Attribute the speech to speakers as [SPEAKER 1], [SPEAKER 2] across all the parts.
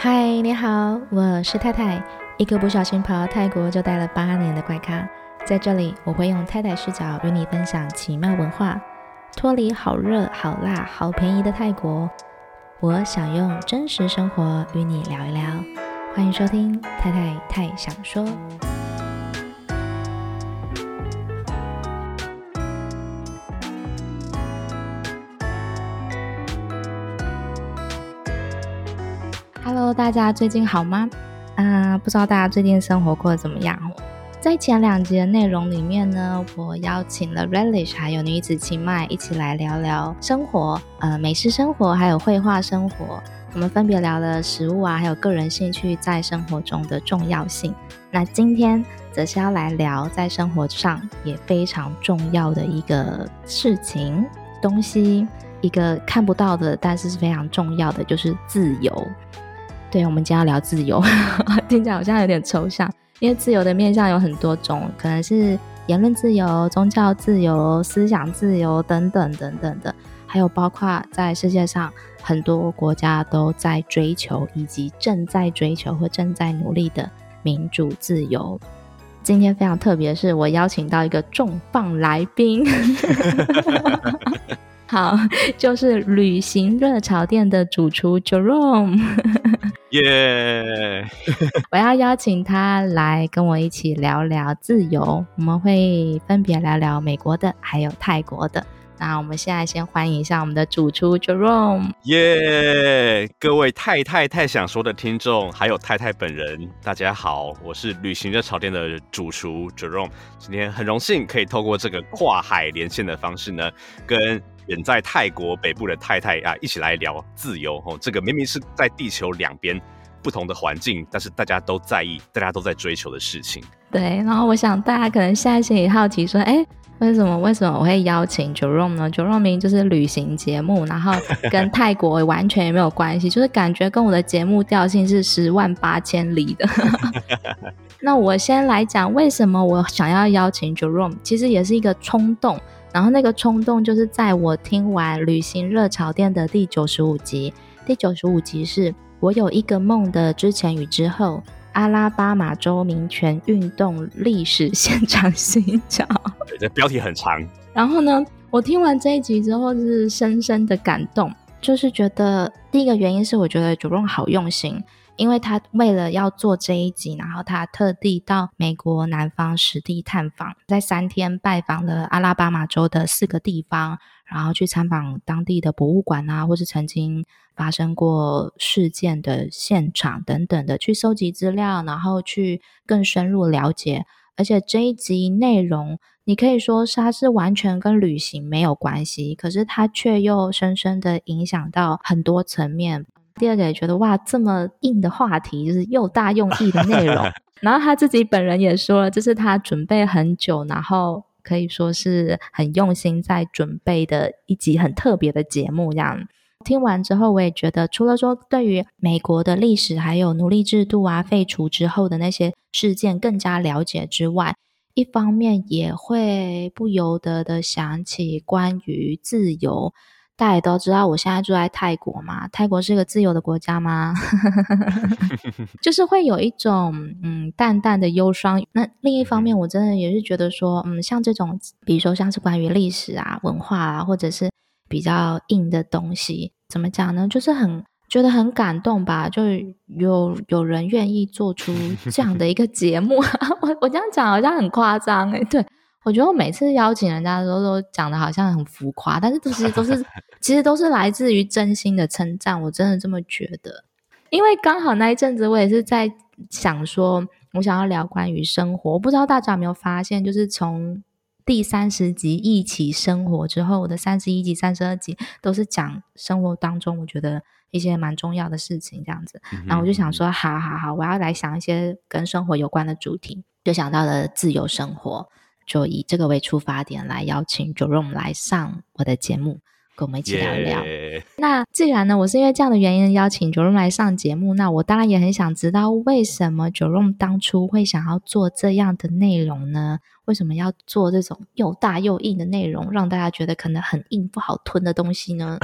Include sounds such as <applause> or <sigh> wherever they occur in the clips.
[SPEAKER 1] 嗨，Hi, 你好，我是泰太，一個不小心跑到泰國就待了八年的怪咖。在這裡，我會用泰太視角與你分享奇妙文化，脫離好熱、好辣、好便宜的泰國。我想用真實生活與你聊一聊，歡迎收聽《泰太太想說》。大家最近好嗎？呃，不知道大家最近生活過得怎麼樣？在前兩集的內容裡面呢，我邀請了 Relish 還有女子清邁一起來聊聊生活，呃，美食生活還有繪畫生活。我們分別聊了食物啊，還有個人興趣在生活中的重要性。那今天則是要來聊在生活上也非常重要的一個事情，東西一個看不到的，但是是非常重要的，就是自由。對，我們今天要聊自由，聽起來好像有點抽象，因為自由的面向有很多種，可能是言論自由、宗教自由、思想自由等等等等的，還有包括在世界上很多國家都在追求以及正在追求或正在努力的民主自由。今天非常特別，是我邀請到一個重磅來賓。 <laughs> <laughs> 好，就是旅行熱炒店的主廚 Jerome，
[SPEAKER 2] 耶！ <laughs>
[SPEAKER 3] yeah,
[SPEAKER 1] <laughs> 我要邀請他來跟我一起聊聊自由。我們會分別聊聊美國的，還有泰國的。那我們現在先歡迎一下我們的主廚 Jerome，
[SPEAKER 2] 耶！Yeah, 各位泰太太想說的聽眾，還有太太本人，大家好，我是旅行熱炒店的主廚 Jerome。今天很榮幸可以透過這個跨海連線的方式呢，跟人在泰國北部的太太啊，一起來聊自由哦。這個明明是在地球兩邊不同的環境，但是大家都在意，大家都在追求的事情。
[SPEAKER 1] 對，然後我想大家可能現在心裡好奇說，哎，為什麼為什麼我會邀請 Jerome 呢？Jerome 明就是旅行節目，然後跟泰國完全也沒有關係， <laughs> 就是感覺跟我的節目調性是十萬八千里的。
[SPEAKER 3] <laughs>
[SPEAKER 1] 那我先來講，為什麼我想要邀請 Jerome，其實也是一個衝動。然後那個衝動就是在我聽完《旅行熱炒店》的第九十五集，第九十五集是《我有一個夢》的之前與之後，阿拉巴馬州民權運動歷史現場行腳。
[SPEAKER 2] 這標題很長。
[SPEAKER 1] 然後呢，我聽完這一集之後就是深深的感動，就是覺得第一個原因是我覺得 Jerome 好用心。因為他為了要做這一集，然後他特地到美國南方實地探訪，在三天拜訪了阿拉巴馬州的四個地方，然後去參訪當地的博物館啊，或是曾經發生過事件的現場等等的，去搜集資料，然後去更深入了解。而且這一集內容，你可以說它是完全跟旅行沒有關係，可是它卻又深深的影響到很多層面。第二個也覺得哇，這麼硬的話題就是又大又硬的內容。 <laughs> 然後他自己本人也說了，這是他準備很久，然後可以說是很用心在準備的一集很特別的節目。這樣聽完之後，我也覺得，除了說對於美國的歷史還有奴隸制度啊，廢除之後的那些事件更加了解之外，一方面也會不由得的想起關於自由。大家也都知道我現在住在泰國嘛，泰國是一個自由的國家嗎？
[SPEAKER 3] <laughs>
[SPEAKER 1] 就是會有一種嗯淡淡的憂傷。那另一方面，我真的也是覺得說，嗯，像這種比如說像是關於歷史啊、文化啊，或者是比較硬的東西，怎麼講呢？就是很覺得很感動吧，就有有人願意做出這樣的一個節目。 <laughs> 我我這樣講好像很誇張欸，對。我覺得我每次邀請人家的時候，都講得好像很浮誇，但是這些都是 <laughs> 其實都是來自於真心的稱讚。我真的這麼覺得，因為剛好那一陣子我也是在想說，我想要聊關於生活。我不知道大家有沒有發現，就是從第三十集一起生活之後，我的三十一集、三十二集都是講生活當中我覺得一些蠻重要的事情這樣子。然後我就想說，好好好，我要來想一些跟生活有關的主題，就想到了自由生活。就以這個為出發點來邀請 Jerome 來上我的節目，跟我們一起聊聊。Yeah. 那既然呢，我是因為這樣的原因邀請 Jerome 來上節目，那我當然也很想知道，為什麼 Jerome 當初會想要做這樣的內容呢？為什麼要做這種又大又硬的內容，讓大家覺得可能很硬不好吞的東西呢？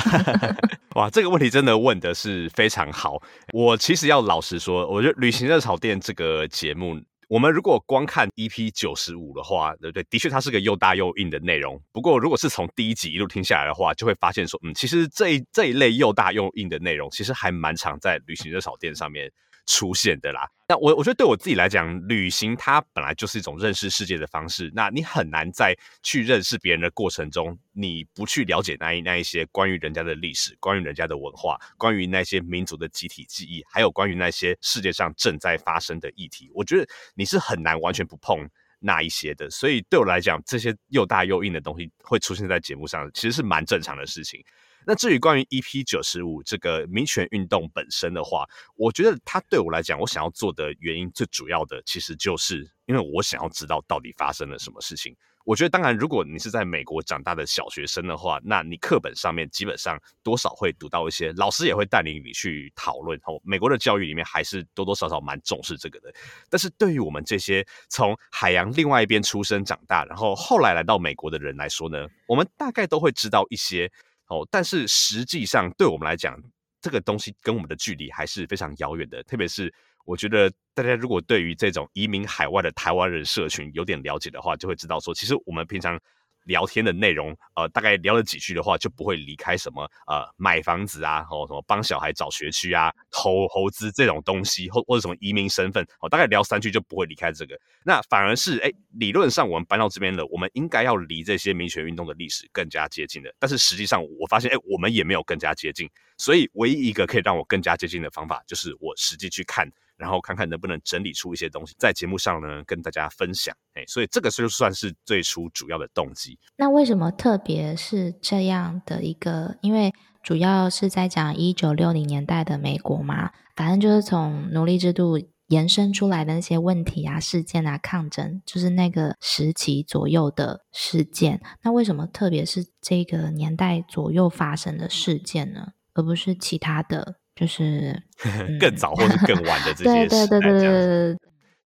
[SPEAKER 2] <laughs> 哇，這個問題真的問的是非常好。我其實要老實說，我覺得《旅行熱炒店》這個節目。我們如果光看 EP 九十五的話，對不對，的確它是個又大又硬的內容。不過，如果是從第一集一路聽下來的話，就會發現說，嗯，其實這一這一類又大又硬的內容，其實還蠻常在旅行熱炒店上面。出現的啦，那我我覺得對我自己來講，旅行它本來就是一種認識世界的方式。那你很難再去認識別人的過程中，你不去了解那一那一些關於人家的歷史、關於人家的文化、關於那些民族的集體記憶，還有關於那些世界上正在發生的議題，我覺得你是很難完全不碰那一些的。所以對我來講，這些又大又硬的東西會出現在節目上，其實是蠻正常的事情。那至於關於 EP 九十五這個民權運動本身的話，我覺得它對我來講，我想要做的原因最主要的其實就是因為我想要知道到底發生了什麼事情。我覺得，當然，如果你是在美國長大的小學生的話，那你課本上面基本上多少會讀到一些，老師也會帶領你，你去討論。哦，美國的教育裡面還是多多少少蠻重視這個的。但是，對於我們這些從海洋另外一邊出生長大，然後後來來到美國的人來說呢，我們大概都會知道一些。哦，但是實際上，對我們來講，這個東西跟我們的距離還是非常遙遠的。特別是，我覺得大家如果對於這種移民海外的台灣人社群有點了解的話，就會知道說，其實我們平常。聊天的內容，呃，大概聊了幾句的話，就不會離開什麼呃買房子啊，吼，什麼幫小孩找學區啊，投投資這種東西，或或者什麼移民身份，哦，大概聊三句就不會離開這個。那反而是，哎、欸，理論上我們搬到這邊了，我們應該要離這些民權運動的歷史更加接近的。但是實際上，我發現，哎、欸，我們也沒有更加接近。所以，唯一一個可以讓我更加接近的方法，就是我實際去看。然後看看能不能整理出一些東西，在節目上呢跟大家分享。哎，所以這個就算是最初主要的動機。
[SPEAKER 1] 那為什麼特別是這樣的一個？因為主要是在講1960年代的美國嘛，反正就是從奴隸制度延伸出來的那些問題啊、事件啊、抗爭，就是那個時期左右的事件。那為什麼特別是這個年代左右發生的事件呢？而不是其他的？就是
[SPEAKER 2] <laughs> 更早或是更晚的這些時代，這樣
[SPEAKER 1] 子。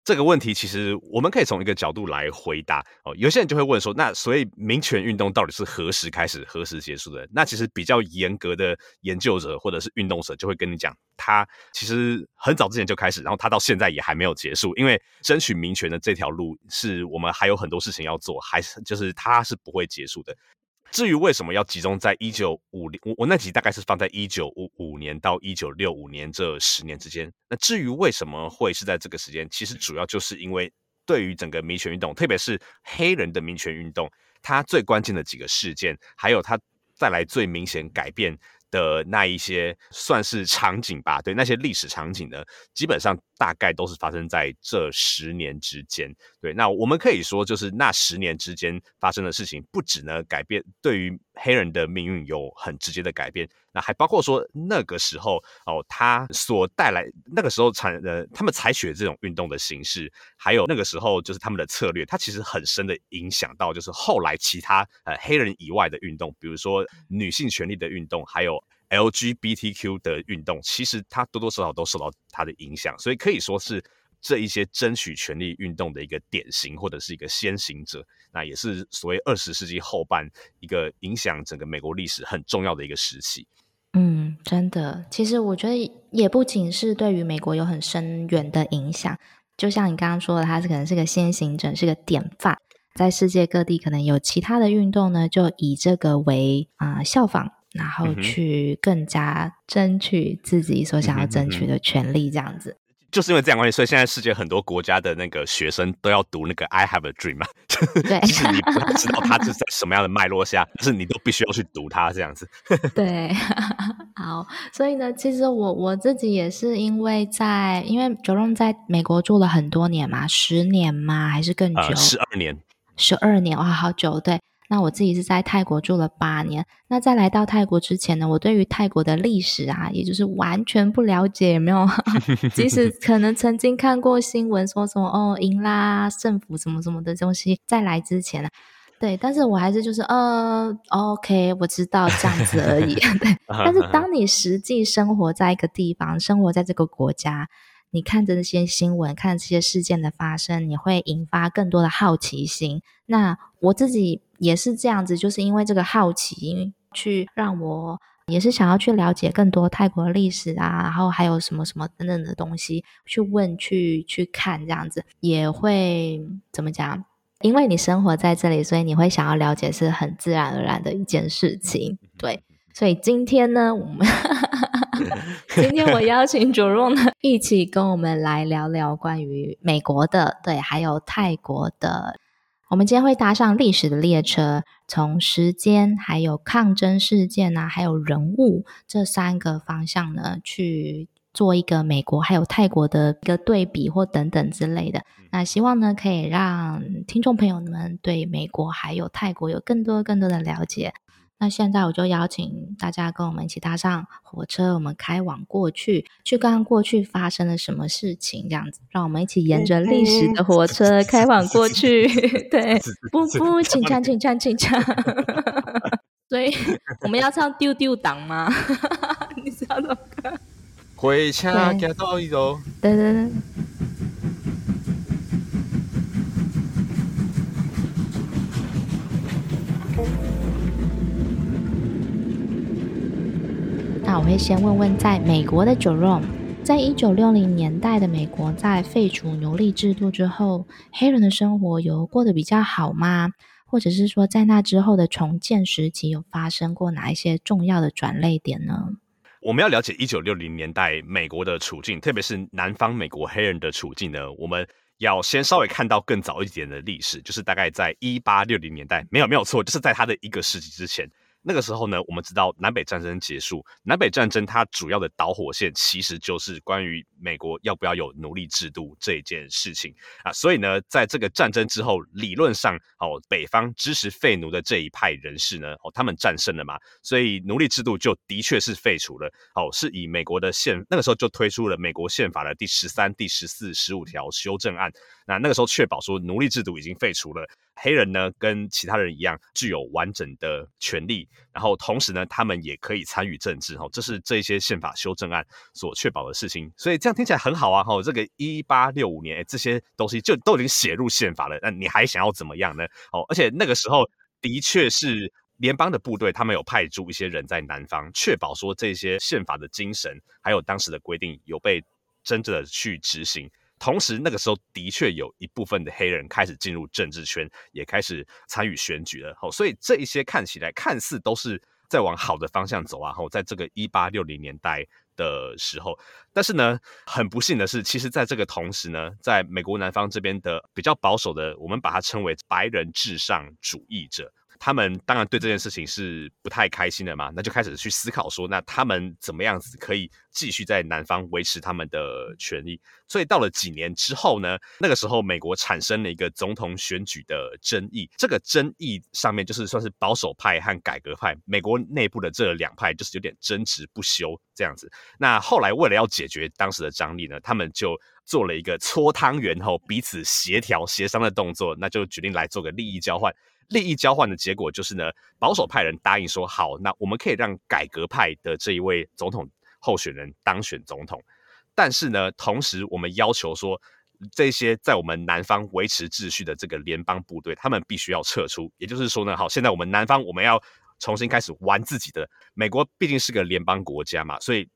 [SPEAKER 2] 這個問題其實我們可以從一個角度來回答哦。有些人就會問說，那所以民權運動到底是何時開始、何時結束的？那其實比較嚴格的研究者或者是運動者就會跟你講，他其實很早之前就開始，然後他到現在也還沒有結束，因為爭取民權的這條路是我們還有很多事情要做，還是就是他是不會結束的。至於為什麼要集中在一九五零，我我那集大概是放在一九五五年到一九六五年這十年之間。那至於為什麼會是在這個時間，其實主要就是因為對於整個民權運動，特別是黑人的民權運動，它最關鍵的幾個事件，還有它帶來最明顯改變的那一些，算是場景吧，對那些歷史場景呢，基本上。大概都是發生在這十年之間，對，那我們可以說，就是那十年之間發生的事情不只，不止呢改變對於黑人的命運有很直接的改變，那還包括說那個時候哦，他所帶來那個時候採呃他們採取的這種運動的形式，還有那個時候就是他們的策略，它其實很深的影響到就是後來其他呃黑人以外的運動，比如說女性權利的運動，還有。LGBTQ 的運動，其實它多多少少都受到它的影響，所以可以說是這一些爭取權利運動的一個典型，或者是一個先行者。那也是所謂二十世紀後半一個影響整個美國歷史很重要的一個時
[SPEAKER 1] 期。嗯，真的，其實我覺得也不僅是對於美國有很深遠的影響，就像你剛剛說的，它是可能是個先行者，是個典範，在世界各地可能有其他的運動呢，就以這個為啊、呃、效仿。然後去更加爭取自己所想要爭取的權利，這樣子，嗯嗯。就是
[SPEAKER 2] 因為這樣關係，所以現在世界很多國家的那個學生都要讀那個《I Have a Dream、啊》
[SPEAKER 1] 嘛。對，其實 <laughs> 你不
[SPEAKER 2] 知道它是在什麼樣的脈絡下，但 <laughs> 是你都必須要去讀它這樣子。
[SPEAKER 1] <laughs> 對，好，所以呢，其實我我自己也是因為在，因為 Jerome 在美國住了很多年嘛，十年嘛還是更久？呃、十二年。十二年哇、哦，好久對。那我自己是在泰國住了八年。那在來到泰國之前呢，我對於泰國的歷史啊，也就是完全不了解，也沒有。
[SPEAKER 3] 即使
[SPEAKER 1] 可能曾經看過新聞說什麼哦，英拉，政府什麼什麼的東西。在來之前呢，對，但是我還是就是嗯 OK 我知道這樣子而已 <laughs>
[SPEAKER 3] 對。但是當
[SPEAKER 1] 你實際生活在一個地方，生活在這個國家，你看着這些新聞，看着這些事件的發生，你會引發更多的好奇心。那我自己。也是這樣子，就是因為這個好奇，因為去讓我也是想要去了解更多泰國的歷史啊，然後還有什麼什麼等等的東西去問去去看，這樣子也會怎麼講？因為你生活在這裡，所以你會想要了解，是很自然而然的一件事情。對，所以今天呢，我們 <laughs> 今天我邀請 Jerome 呢 <laughs> 一起跟我們來聊聊關於美國的，對，還有泰國的。我們今天會搭上歷史的列車，從時間、還有抗爭事件啊，還有人物這三個方向呢，去做一個美國還有泰國的一個對比或等等之類的。那希望呢，可以讓聽眾朋友們對美國還有泰國有更多更多的了解。那現在我就邀請大家跟我們一起搭上火車，我們開往過去，去看看過去發生了什麼事情。這樣子，讓我們一起沿着歷史的火車開往過去。對，不不請唱，請唱，請唱。所以我們要唱丟丟銅嗎？你知道麼
[SPEAKER 2] 干？火車開到一路。對
[SPEAKER 1] 對對。我會先問問，在美國的 Jerome，在一九六零年代的美國，在廢除奴隸制度之後，黑人的生活有過得比較好嗎？或者是說，在那之後的重建時期，有發生過哪一些重要的轉捩點呢？
[SPEAKER 2] 我們要了解一九六零年代美國的處境，特別是南方美國黑人的處境呢，我們要先稍微看到更早一點的歷史，就是大概在一八六零年代，沒有沒有錯，就是在他的一個世紀之前。那個時候呢，我們知道南北戰爭結束。南北戰爭它主要的導火線其實就是關於美國要不要有奴隸制度這件事情啊。所以呢，在這個戰爭之後，理論上哦，北方支持廢奴的這一派人士呢，哦，他們戰勝了嘛，所以奴隸制度就的確是廢除了。哦，是以美國的憲，那個時候就推出了美國憲法的第十三、第十四、十五條修正案。那那個時候，確保說奴隸制度已經廢除了，黑人呢跟其他人一樣具有完整的權利，然後同時呢，他們也可以參與政治。哈，這是這些憲法修正案所確保的事情。所以這樣聽起來很好啊！哈，這個一八六五年，哎，這些東西就都已經寫入憲法了。那你還想要怎麼樣呢？哦，而且那個時候的確是聯邦的部隊，他們有派駐一些人在南方，確保說這些憲法的精神還有當時的規定有被真正的去執行。同時，那個時候的確有一部分的黑人開始進入政治圈，也開始參與選舉了。好，所以這一些看起來看似都是在往好的方向走啊。好，在這個1860年代的時候，但是呢，很不幸的是，其實在這個同時呢，在美國南方這邊的比較保守的，我們把它稱為白人至上主義者。他們當然對這件事情是不太開心的嘛。那就開始去思考說，那他們怎麼樣子可以繼續在南方維持他們的權益？所以到了幾年之後呢，那個時候美國產生了一個總統選舉的爭議，這個爭議上面就是算是保守派和改革派，美國內部的這兩派就是有點爭執不休這樣子。那後來為了要解決當時的張力呢，他們就做了一個搓湯圓後彼此協調協商的動作，那就決定來做個利益交換。利益交換的結果就是呢，保守派人答應說好，那我們可以讓改革派的這一位總統候選人當選總統，但是呢，同時我們要求說，這些在我們南方維持秩序的這個聯邦部隊，他們必須要撤出。也就是說呢，好，現在我們南方我們要重新開始玩自己的。美國畢竟是個聯邦國家嘛，所以。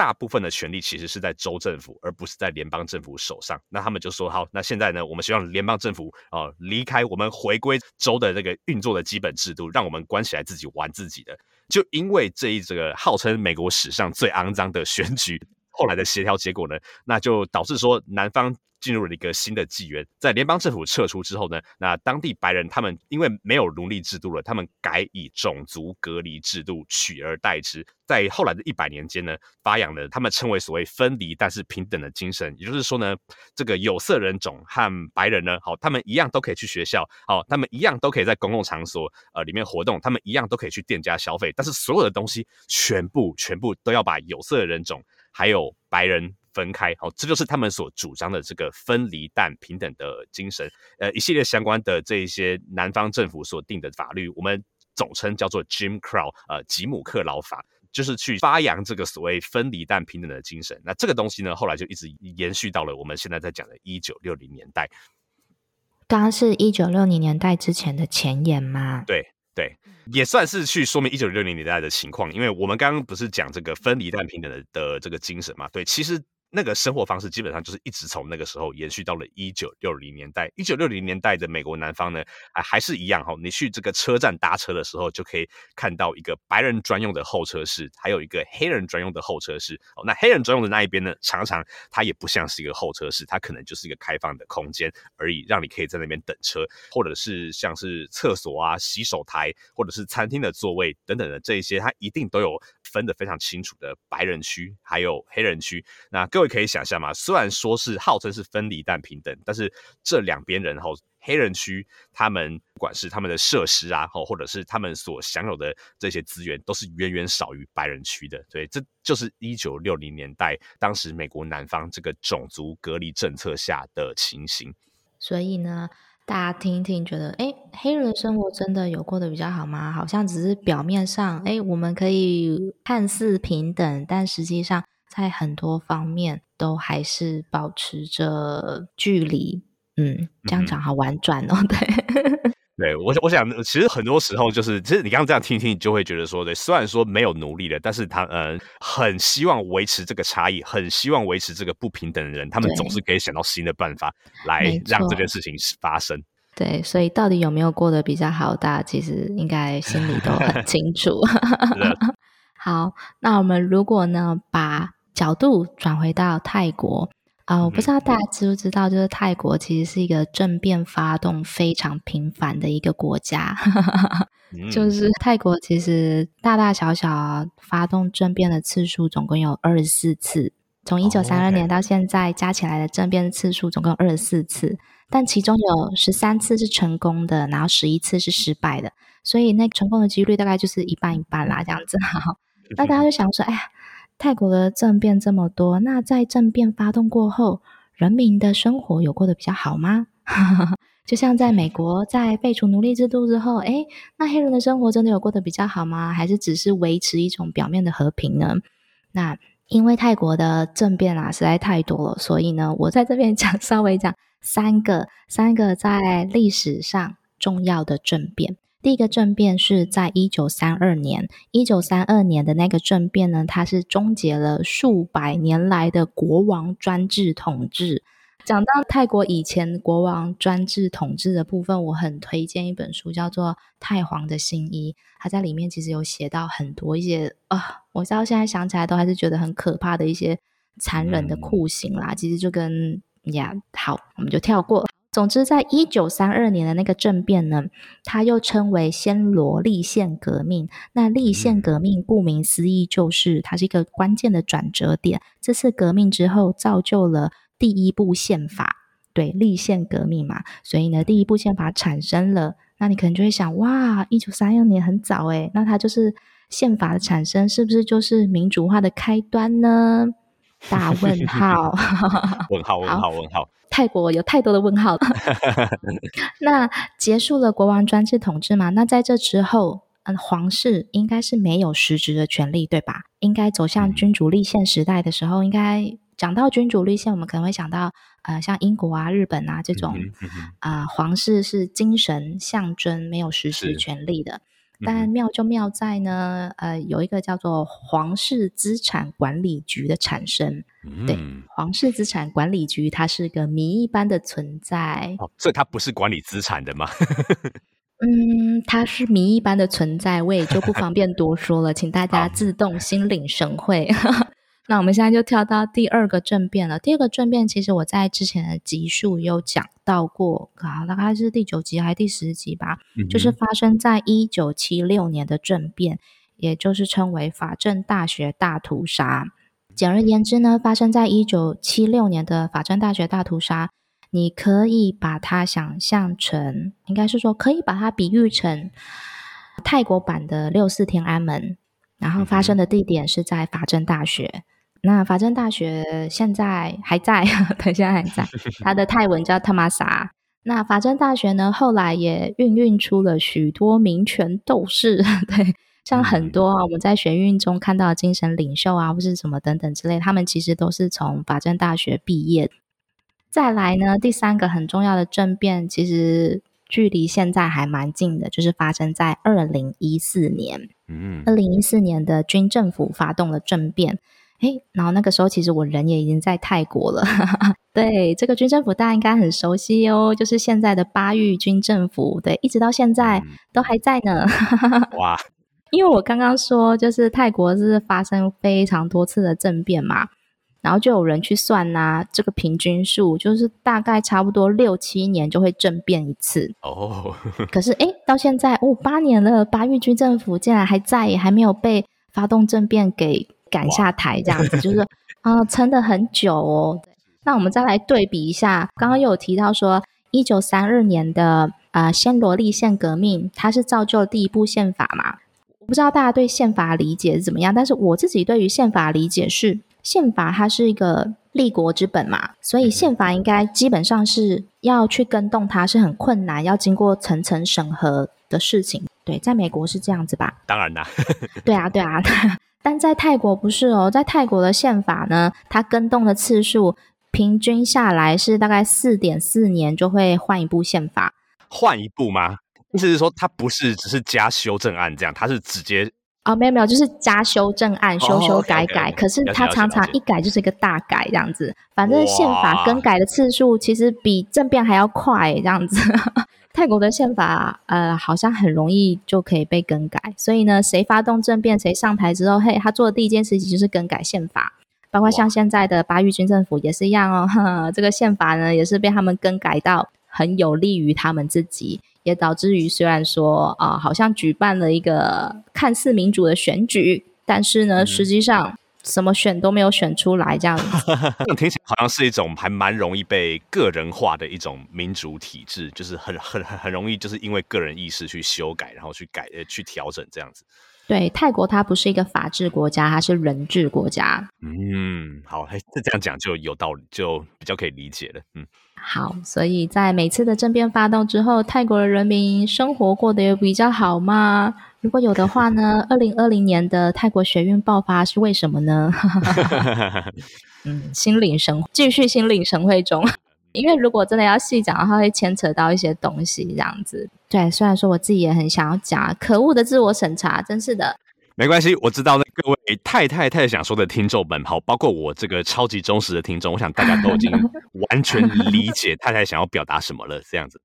[SPEAKER 2] 大部分的權力其實是在州政府，而不是在聯邦政府手上。那他們就說好，那現在呢，我們希望聯邦政府啊離開我們，回歸州的這個運作的基本制度，讓我們關起來自己玩自己的。就因為這一這個號稱美國史上最骯髒的選舉。後來的協調結果呢，那就導致說南方進入了一個新的紀元。在聯邦政府撤出之後呢，那當地白人他們因為沒有奴隸制度了，他們改以種族隔離制度取而代之。在後來的一百年間呢，發揚了他們稱為所謂“分離但是平等”的精神。也就是說呢，這個有色人種和白人呢，好，他們一樣都可以去學校，好，他們一樣都可以在公共場所呃裡面活動，他們一樣都可以去店家消費，但是所有的東西全部全部都要把有色人種。還有白人分開，好、哦，這就是他們所主張的這個分離但平等的精神，呃，一系列相關的這一些南方政府所定的法律，我們總稱叫做 Jim Crow，呃，吉姆克勞法，就是去發揚這個所謂分離但平等的精神。那這個東西呢，後來就一直延續到了我們現在在講的1960年代。剛
[SPEAKER 1] 剛是一九六零年代之前的前言嗎？
[SPEAKER 2] 對。對，也算是去說明一九六零年代的情況，因為我們剛剛不是講這個分離但平等的的這個精神嘛，對，其實。那個生活方式基本上就是一直從那個時候延續到了一九六零年代。一九六零年代的美國南方呢、啊，還還是一樣哈。你去這個車站搭車的時候，就可以看到一個白人專用的候車室，還有一個黑人專用的候車室。哦，那黑人專用的那一邊呢，常常它也不像是一個候車室，它可能就是一個開放的空間而已，讓你可以在那邊等車，或者是像是廁所啊、洗手台，或者是餐廳的座位等等的這一些，它一定都有分得非常清楚的白人區，還有黑人區。那各位可以想象嗎？雖然說是號稱是分離但平等，但是這兩邊人後黑人區，他們不管是他們的設施啊，後或者是他們所享有的這些資源，都是遠遠少於白人區的。所以這就是一九六零年代當時美國南方這個種族隔離政策下的情形。
[SPEAKER 1] 所以呢，大家聽一聽，覺得誒，黑人生活真的有過得比較好嗎？好像只是表面上，誒，我們可以看似平等，但實際上。在很多方面都還是保持着距離，嗯，這樣講好婉轉哦，對，
[SPEAKER 3] 對
[SPEAKER 2] 我我想其實很多時候就是，其實你剛剛這樣聽聽，你就會覺得說，對，雖然說沒有奴隸了，但是他嗯、呃，很希望維持這個差異，很希望維持這個不平等的人，他們總是可以想到新的辦法來讓這件事情發生。
[SPEAKER 1] 對,對，所以到底有沒有過得比較好，大家其實應該心裡都很清楚。 <laughs> 的 <laughs> 好，那我們如果呢把。角度轉回到泰國啊、呃，我不知道大家知不知道，就是泰國其實是一個政變發動非常頻繁的一個國家。 <laughs> 就是泰國其實大大小小、啊、發動政變的次數總共有二十四次，從一九三二年到現在加起來的政變次數總共有二十四次，但其中有十三次是成功的，然後十一次是失敗的，所以那成功的幾率大概就是一半一半啦，這樣子哈。那大家就想說，哎呀。泰國的政變這麼多，那在政變發動過後，人民的生活有過得比較好嗎？ <laughs> 就像在美國在廢除奴隸制度之後，誒，那黑人的生活真的有過得比較好嗎？還是只是維持一種表面的和平呢？那因為泰國的政變啊，實在太多了，所以呢，我在這邊講稍微講三個三個在歷史上重要的政變。第一個政變是在一九三二年。一九三二年的那個政變呢，它是終結了數百年來的國王專制統治。講到泰國以前國王專制統治的部分，我很推薦一本書，叫做《泰皇的新衣》。它在裡面其實有寫到很多一些啊，我到現在想起來都還是覺得很可怕的一些殘忍的酷刑啦。其實就跟呀，好，我們就跳過。總之，在一九三二年的那個政變呢，它又稱為暹羅立憲革命。那立憲革命顧名思義，就是它是一個關鍵的轉折點。這次革命之後，造就了第一部憲法。對，立憲革命嘛，所以呢，第一部憲法產生了。那你可能就會想，哇，一九三二年很早誒、欸、那它就是憲法的產生，是不是就是民主化的開端呢？大問號， <laughs>
[SPEAKER 3] 問號，問號，好問號好。
[SPEAKER 1] 泰國有太多的問號了。
[SPEAKER 3] <laughs> <laughs>
[SPEAKER 1] 那結束了國王專制統治嘛？那在這之後，嗯，皇室應該是沒有實質的權利，對吧？應該走向君主立憲時代的時候，嗯、應該講到君主立憲，我們可能會想到，呃，像英國啊、日本啊這種，啊、嗯嗯嗯呃，皇室是精神象徵，沒有實質權利的。但妙就妙在呢，呃，有一個叫做皇室資產管理局的產生。嗯、對，皇室資產管理局它是個謎一般的存在。
[SPEAKER 2] 哦，所以它不是管理資產的嗎？ <laughs> 嗯，
[SPEAKER 1] 它是謎一般的存在，我也就不方便多說了， <laughs> 請大家自動心領神會。 <laughs> 那我們現在就跳到第二個政變了。第二個政變，其實我在之前的集數有講到過，啊，大概是第九集還是第十集吧，嗯、哼就是發生在一九七六年的政變，也就是稱為法政大學大屠殺。簡而言之呢，發生在一九七六年的法政大學大屠殺，你可以把它想象成，應該是說可以把它比喻成泰國版的六四天安門，然後發生的地點是在法政大學。嗯那法政大學現在還在，它現在還在。他的泰文叫“他瑪莎”。那法政大學呢，後來也孕育出了許多民權鬥士，對，像很多啊，我們在學運中看到的精神領袖啊，或是什麼等等之類，他們其實都是從法政大學畢業。再來呢，第三個很重要的政變，其實距離現在還蠻近的，就是發生在二零一四年。嗯，二零一四年的軍政府發動了政變。哎，然後那個時候其實我人也已經在泰國了。哈哈對，這個軍政府大家應該很熟悉哦，就是現在的巴育軍政府，對，一直到現在都還在呢。哈哈哇！因為我剛剛說，就是泰國是發生非常多次的政變嘛，然後就有人去算吶、啊，這個平均數就是大概差不多六七年就會政變一次。
[SPEAKER 3] 哦， <laughs>
[SPEAKER 1] 可是哎，到現在哦，八年了，巴育軍政府竟然還在，也還沒有被發動政變給。趕下台這樣子，哇 <laughs> 就是啊、呃，撐得很久哦。那我們再來對比一下，剛剛又有提到說，一九三二年的啊、呃，暹羅立憲革命，它是造就了第一部憲法嘛。我不知道大家對憲法理解是怎麼樣，但是我自己對於憲法理解是，憲法它是一個立國之本嘛，所以憲法應該基本上是要去跟動它，它是很困難，要經過層層審核的事情。對，在美國是這樣子吧？
[SPEAKER 2] 當然啦、啊。 <laughs>
[SPEAKER 1] 對啊，對啊。 <laughs> 但在泰國不是哦，在泰國的憲法呢，它更動的次數平均下來是大概四點四年就會換一部憲法，
[SPEAKER 2] 換一部嗎？意思是說它不是只是加修正案這樣，它是直接
[SPEAKER 1] 哦，沒有沒有，就是加修正案修修改改，哦、okay, okay, okay. 可是它常常一改就是一個大改這樣子，反正憲法更改的次數其實比政變還要快這樣子。泰國的憲法，呃，好像很容易就可以被更改，所以呢，誰發動政變誰上台之後，嘿，他做的第一件事情就是更改憲法，包括像現在的巴育軍政府也是一樣哦，哇呵呵這個憲法呢也是被他們更改到很有利於他們自己，也導致於雖然說啊、呃，好像舉辦了一個看似民主的選舉，但是呢，實際上。嗯什麼選都沒有選出來，這樣子。這
[SPEAKER 2] 種 <laughs> 聽起來好像是一種還蠻容易被個人化的一種民主體制，就是很很很容易就是因為個人意識去修改，然後去改呃去調整這樣子。
[SPEAKER 1] 對，泰國它不是一個法治國家，它是人治國家。
[SPEAKER 2] 嗯，好，這這樣講就有道理，就比較可以理解
[SPEAKER 1] 了。嗯，好，所以在每次的政變發動之後，泰國的人民生活過得也比較好嗎？如果有的話呢，二零二零年的泰國學運爆發是為什麼呢？ <laughs> 嗯，心領神，繼續心領神會中。因為如果真的要細講的話，會牽扯到一些東西，這樣子。對，雖然說我自己也很想要講，可惡的自我審查，真是的。
[SPEAKER 2] 沒關係，我知道那各位太太太想說的聽眾們，好，包括我這個超級忠實的聽眾，我想大家都已經完全理解太太想要表達什麼了，這樣子。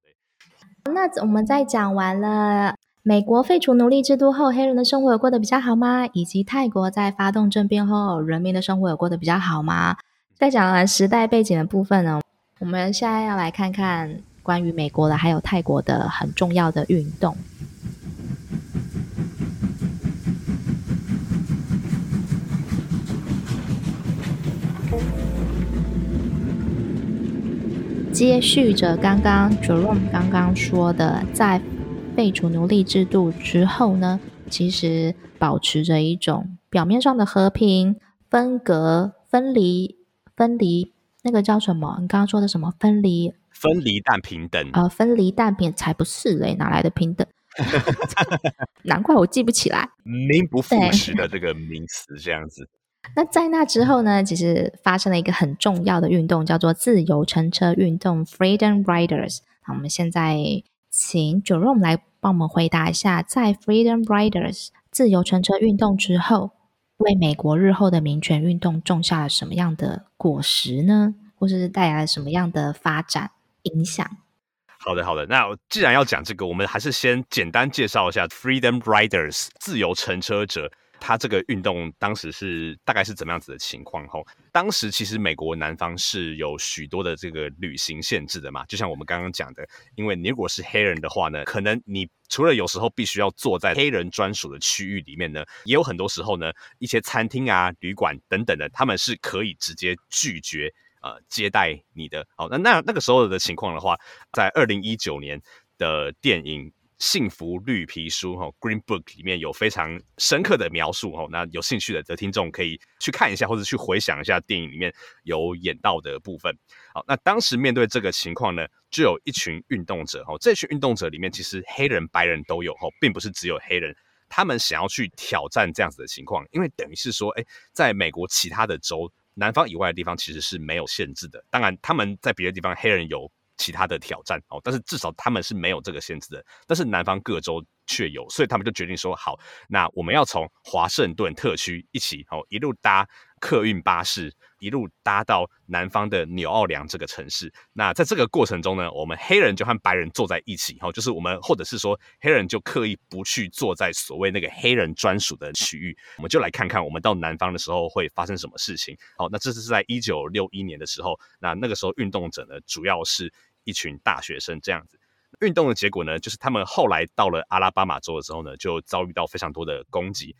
[SPEAKER 2] 對，
[SPEAKER 1] 那我們再講完了。美國廢除奴隸制度後，黑人的生活有過得比較好嗎？以及泰國在發動政變後，人民的生活有過得比較好嗎？在講完時代背景的部分呢，我們現在要來看看關於美國的還有泰國的很重要的運動。接續着剛剛 Jerome 剛剛說的，在。廢除奴隸制度之後呢，其實保持着一種表面上的和平，分隔、分離、分離，那個叫什麼？你剛剛說的什麼？分離？
[SPEAKER 2] 分離但平等？
[SPEAKER 1] 呃，分離但平？才不是嘞、欸，哪來的平等？ <laughs> <laughs> 難怪我記不起來，
[SPEAKER 2] 名不副實的這個名詞這樣
[SPEAKER 3] 子。
[SPEAKER 1] 對 <laughs> 那在那之後呢，其實發生了一個很重要的運動，叫做自由乘車運動 （Freedom Riders）。我們現在。請 Jerome 來幫我們回答一下，在 Freedom Riders 自由乘車運動之後，為美國日後的民權運動種下了什麼樣的果實呢？或者是帶來了什麼樣的發展影響？
[SPEAKER 2] 好的，好的。那既然要講這個，我們還是先簡單介紹一下 Freedom Riders 自由乘車者。他這個運動當時是大概是怎麼樣子的情況？吼，當時其實美國南方是有許多的這個旅行限制的嘛，就像我們剛剛講的，因為你如果是黑人的話呢，可能你除了有時候必須要坐在黑人專屬的區域裡面呢，也有很多時候呢，一些餐廳啊、旅館等等的，他們是可以直接拒絕呃接待你的。好，那那那個時候的情況的話，在二零一九年的電影。《幸福綠皮書》哈，《Green Book》裡面有非常深刻的描述哈。那有興趣的聽眾可以去看一下，或者去回想一下電影裡面有演到的部分。好，那當時面對這個情況呢，就有一群運動者哈。這群運動者裡面其實黑人、白人都有哈，並不是只有黑人。他們想要去挑戰這樣子的情況，因為等於是說，誒，在美國其他的州南方以外的地方其實是沒有限制的。當然，他們在別的地方黑人有。其他的挑戰哦，但是至少他們是沒有這個限制的，但是南方各州卻有，所以他們就決定說，好，那我們要從華盛頓特區一起哦，一路搭。客運巴士一路搭到南方的紐奧良這個城市。那在這個過程中呢，我們黑人就和白人坐在一起，哈，就是我們，或者是說黑人就刻意不去坐在所謂那個黑人專屬的區域。我們就來看看我們到南方的時候會發生什麼事情。好，那這是在一九六一年的時候，那那個時候運動者呢，主要是一群大學生這樣子。運動的結果呢，就是他們後來到了阿拉巴馬州的時候呢，就遭遇到非常多的攻擊。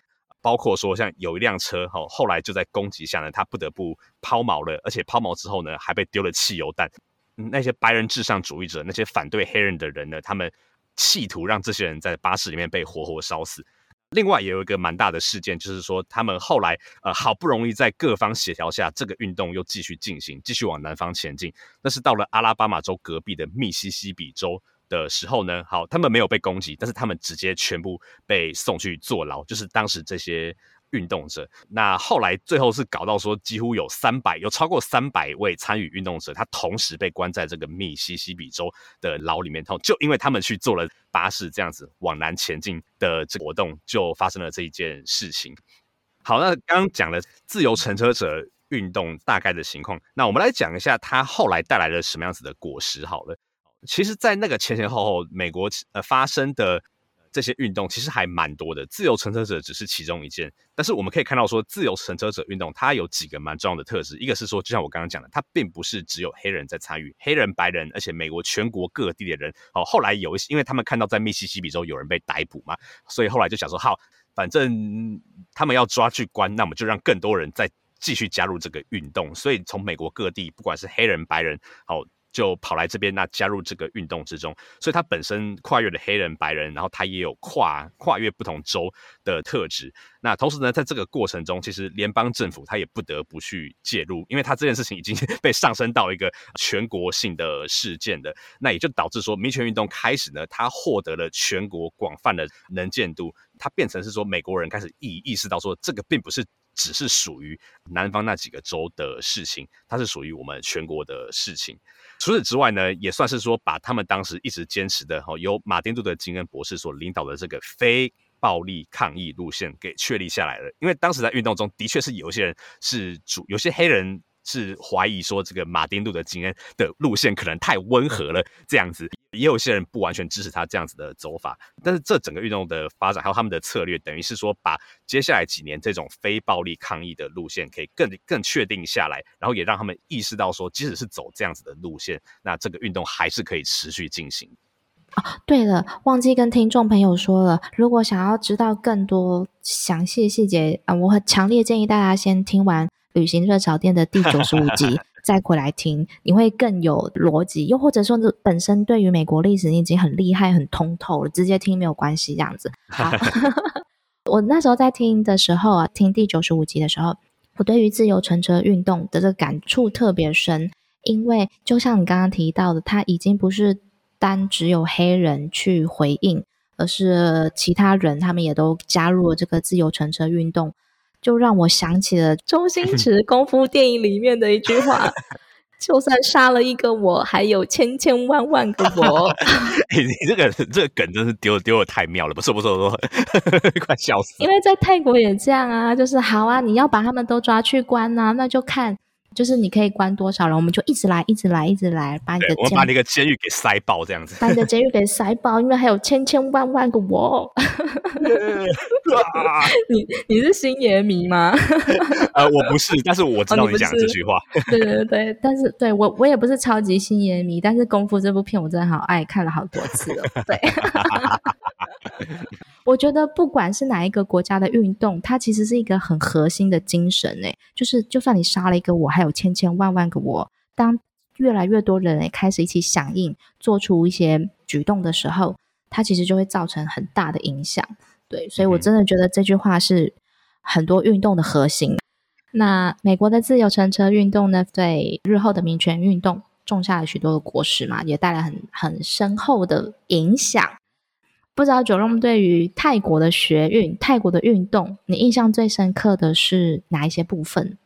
[SPEAKER 2] 包括說像有一輛車哈，後來就在攻擊下呢，他不得不拋錨了，而且拋錨之後呢，還被丟了汽油彈。那些白人至上主義者、那些反對黑人的人呢，他們企圖讓這些人在巴士裡面被活活燒死。另外，也有一個蠻大的事件，就是說他們後來呃好不容易在各方協調下，這個運動又繼續進行，繼續往南方前進。但是到了阿拉巴馬州隔壁的密西西比州，的時候呢，好，他們沒有被攻擊，但是他們直接全部被送去坐牢，就是當時這些運動者，那後來最後是搞到說，幾乎有三百，有超過三百位參與運動者，他同時被關在這個密西西比州的牢裡面。然後就因為他們去坐了巴士，這樣子往南前進的這個活動，就發生了這一件事情。好，那剛剛講了自由乘車者運動大概的情況，那我們來講一下它後來帶來了什麼樣子的果實。好了。其實，在那個前前後後，美國呃發生的這些運動其實還蠻多的，自由乘車者只是其中一件。但是我們可以看到，說自由乘車者運動它有幾個蠻重要的特質，一個是說，就像我剛剛講的，它並不是只有黑人在參與，黑人、白人，而且美國全國各地的人。好，後來有一些，因為他們看到在密西西比州有人被逮捕嘛，所以後來就想說，好，反正他們要抓去關，那麼就讓更多人再繼續加入這個運動。所以從美國各地，不管是黑人、白人，好。就跑來這邊，那加入這個運動之中，所以他本身跨越了黑人、白人，然後他也有跨跨越不同州的特質。那同時呢，在這個過程中，其實聯邦政府他也不得不去介入，因為他這件事情已經被上升到一個全國性的事件的。那也就導致說，民權運動開始呢，他獲得了全國廣泛的能見度，他變成是說美國人開始意意、意識到說，這個並不是。只是屬於南方那幾個州的事情，它是屬於我們全國的事情。除此之外呢，也算是說把他們當時一直堅持的，由馬丁路德金恩博士所領導的這個非暴力抗議路線給確立下來了。因為當時在運動中的確是有些人是主，有些黑人。是懷疑說這個馬丁路德金恩的路線可能太溫和了，這樣子也有些人不完全支持他這樣子的走法。但是這整個運動的發展還有他們的策略，等於是說把接下來幾年這種非暴力抗議的路線可以更更確定下來，然後也讓他們意識到說，即使是走這樣子的路線，那這個運動還是可以持續進行，
[SPEAKER 1] 啊。對了，忘記跟聽眾朋友說了，如果想要知道更多詳細細節啊、呃，我很強烈建議大家先聽完。旅行熱炒店的第九十五集再回來聽，你會更有邏輯；又或者說，本身對於美國歷史你已經很厲害、很通透了，直接聽沒有關係。這樣子，好 <laughs> 我那時候在聽的時候啊，聽第九十五集的時候，我對於自由乘車運動的這個感觸特別深，因為就像你剛剛提到的，他已經不是單只有黑人去回應，而是其他人他們也都加入了這個自由乘車運動。就讓我想起了周星馳功夫電影裡面的一句話：“ <laughs> 就算殺了一個我，還有千千萬萬個我。”
[SPEAKER 2] <laughs> <laughs> 欸，你這個這個梗真是丟丟的太妙了！不是，不是，不是 <laughs> <laughs> 快笑死！
[SPEAKER 1] 因為在泰國也這樣啊，就是好啊，你要把他們都抓去關吶、啊，那就看。就是你可以關多少人，我們就一直來，一直來，一直來，把你的監獄，我把那個
[SPEAKER 2] 監獄給塞爆這樣子，把你的
[SPEAKER 1] 監獄給塞爆，因為還有千千萬萬個我。你，你是星爺迷嗎？
[SPEAKER 2] 呃，我不是，但是我知道、哦、你講的這句話。對
[SPEAKER 1] 對對，但是對我，我也不是超級星爺迷，但是功夫這部片我真的好愛，看了好多次
[SPEAKER 3] 了。
[SPEAKER 1] 對。 <laughs> 我覺得不管是哪一個國家的運動，它其實是一個很核心的精神誒、欸，就是就算你殺了一個我，還有千千萬萬個我。當越來越多人、欸、開始一起響應，做出一些舉動的時候，它其實就會造成很大的影響。對，所以我真的覺得這句話是很多運動的核心。那美國的自由乘車運動呢，對日後的民權運動種下了許多的果實嘛，也帶來很很深厚的影響。不知道 Jerome、er、對於泰國的學運、泰國的運動，你印象最深刻的是哪一些部分？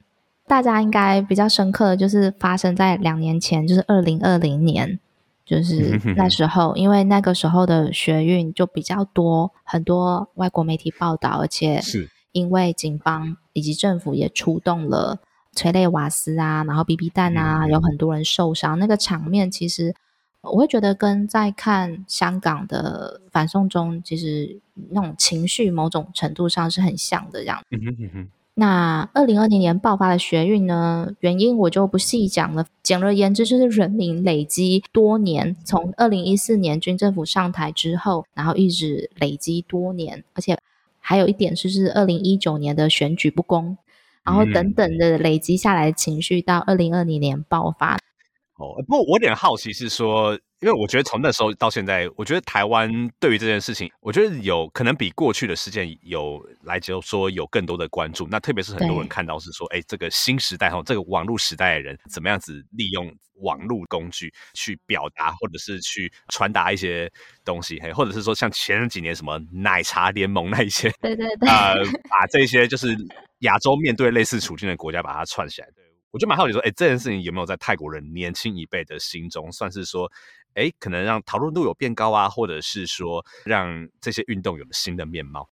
[SPEAKER 1] 大家應該比較深刻的就是發生在兩年前，就是二零二零年，就是那時候， <laughs> 因為那個時候的學運就比較多，很多外國媒體報道而且是因為警方以及政府也出動了催淚瓦斯啊，然後 BB 彈啊，嗯、有很多人受傷，那個場面其實。我會覺得跟在看香港的反送中，其實那種情緒某種程度上是很像的這樣
[SPEAKER 3] 子，
[SPEAKER 1] 那二零二零年爆發的學運呢，原因我就不細講了。簡而言之，就是人民累積多年，從二零一四年軍政府上台之後，然後一直累積多年，而且還有一點就是二零一九年的選舉不公，
[SPEAKER 2] 然後等
[SPEAKER 1] 等的累積下來的情緒，到二零二零年爆發。哦，不過我有
[SPEAKER 2] 點好奇是說，因為我覺得從那時候到現在，我覺得台灣對於這件事情，我覺得有可能比過去的事件有來就說有更多的關注。那特別是很多人看到是說，哎對、欸，這個新時代哈、喔，這個網絡時代的人怎麼樣子利用網絡工具去表達或者是去傳達一些東西，嘿、欸，或者是說像前幾年什麼奶茶聯盟那一些，對
[SPEAKER 3] 對對、呃，
[SPEAKER 2] <laughs> 把這些就是亞洲面對類似處境的國家把它串起來。對。我就蠻好奇，說，哎，這件事情有沒有在泰國人年輕一輩的心中，算是說，哎，可能讓討論度有變高啊，或者是說，讓這些運動有了新的面貌？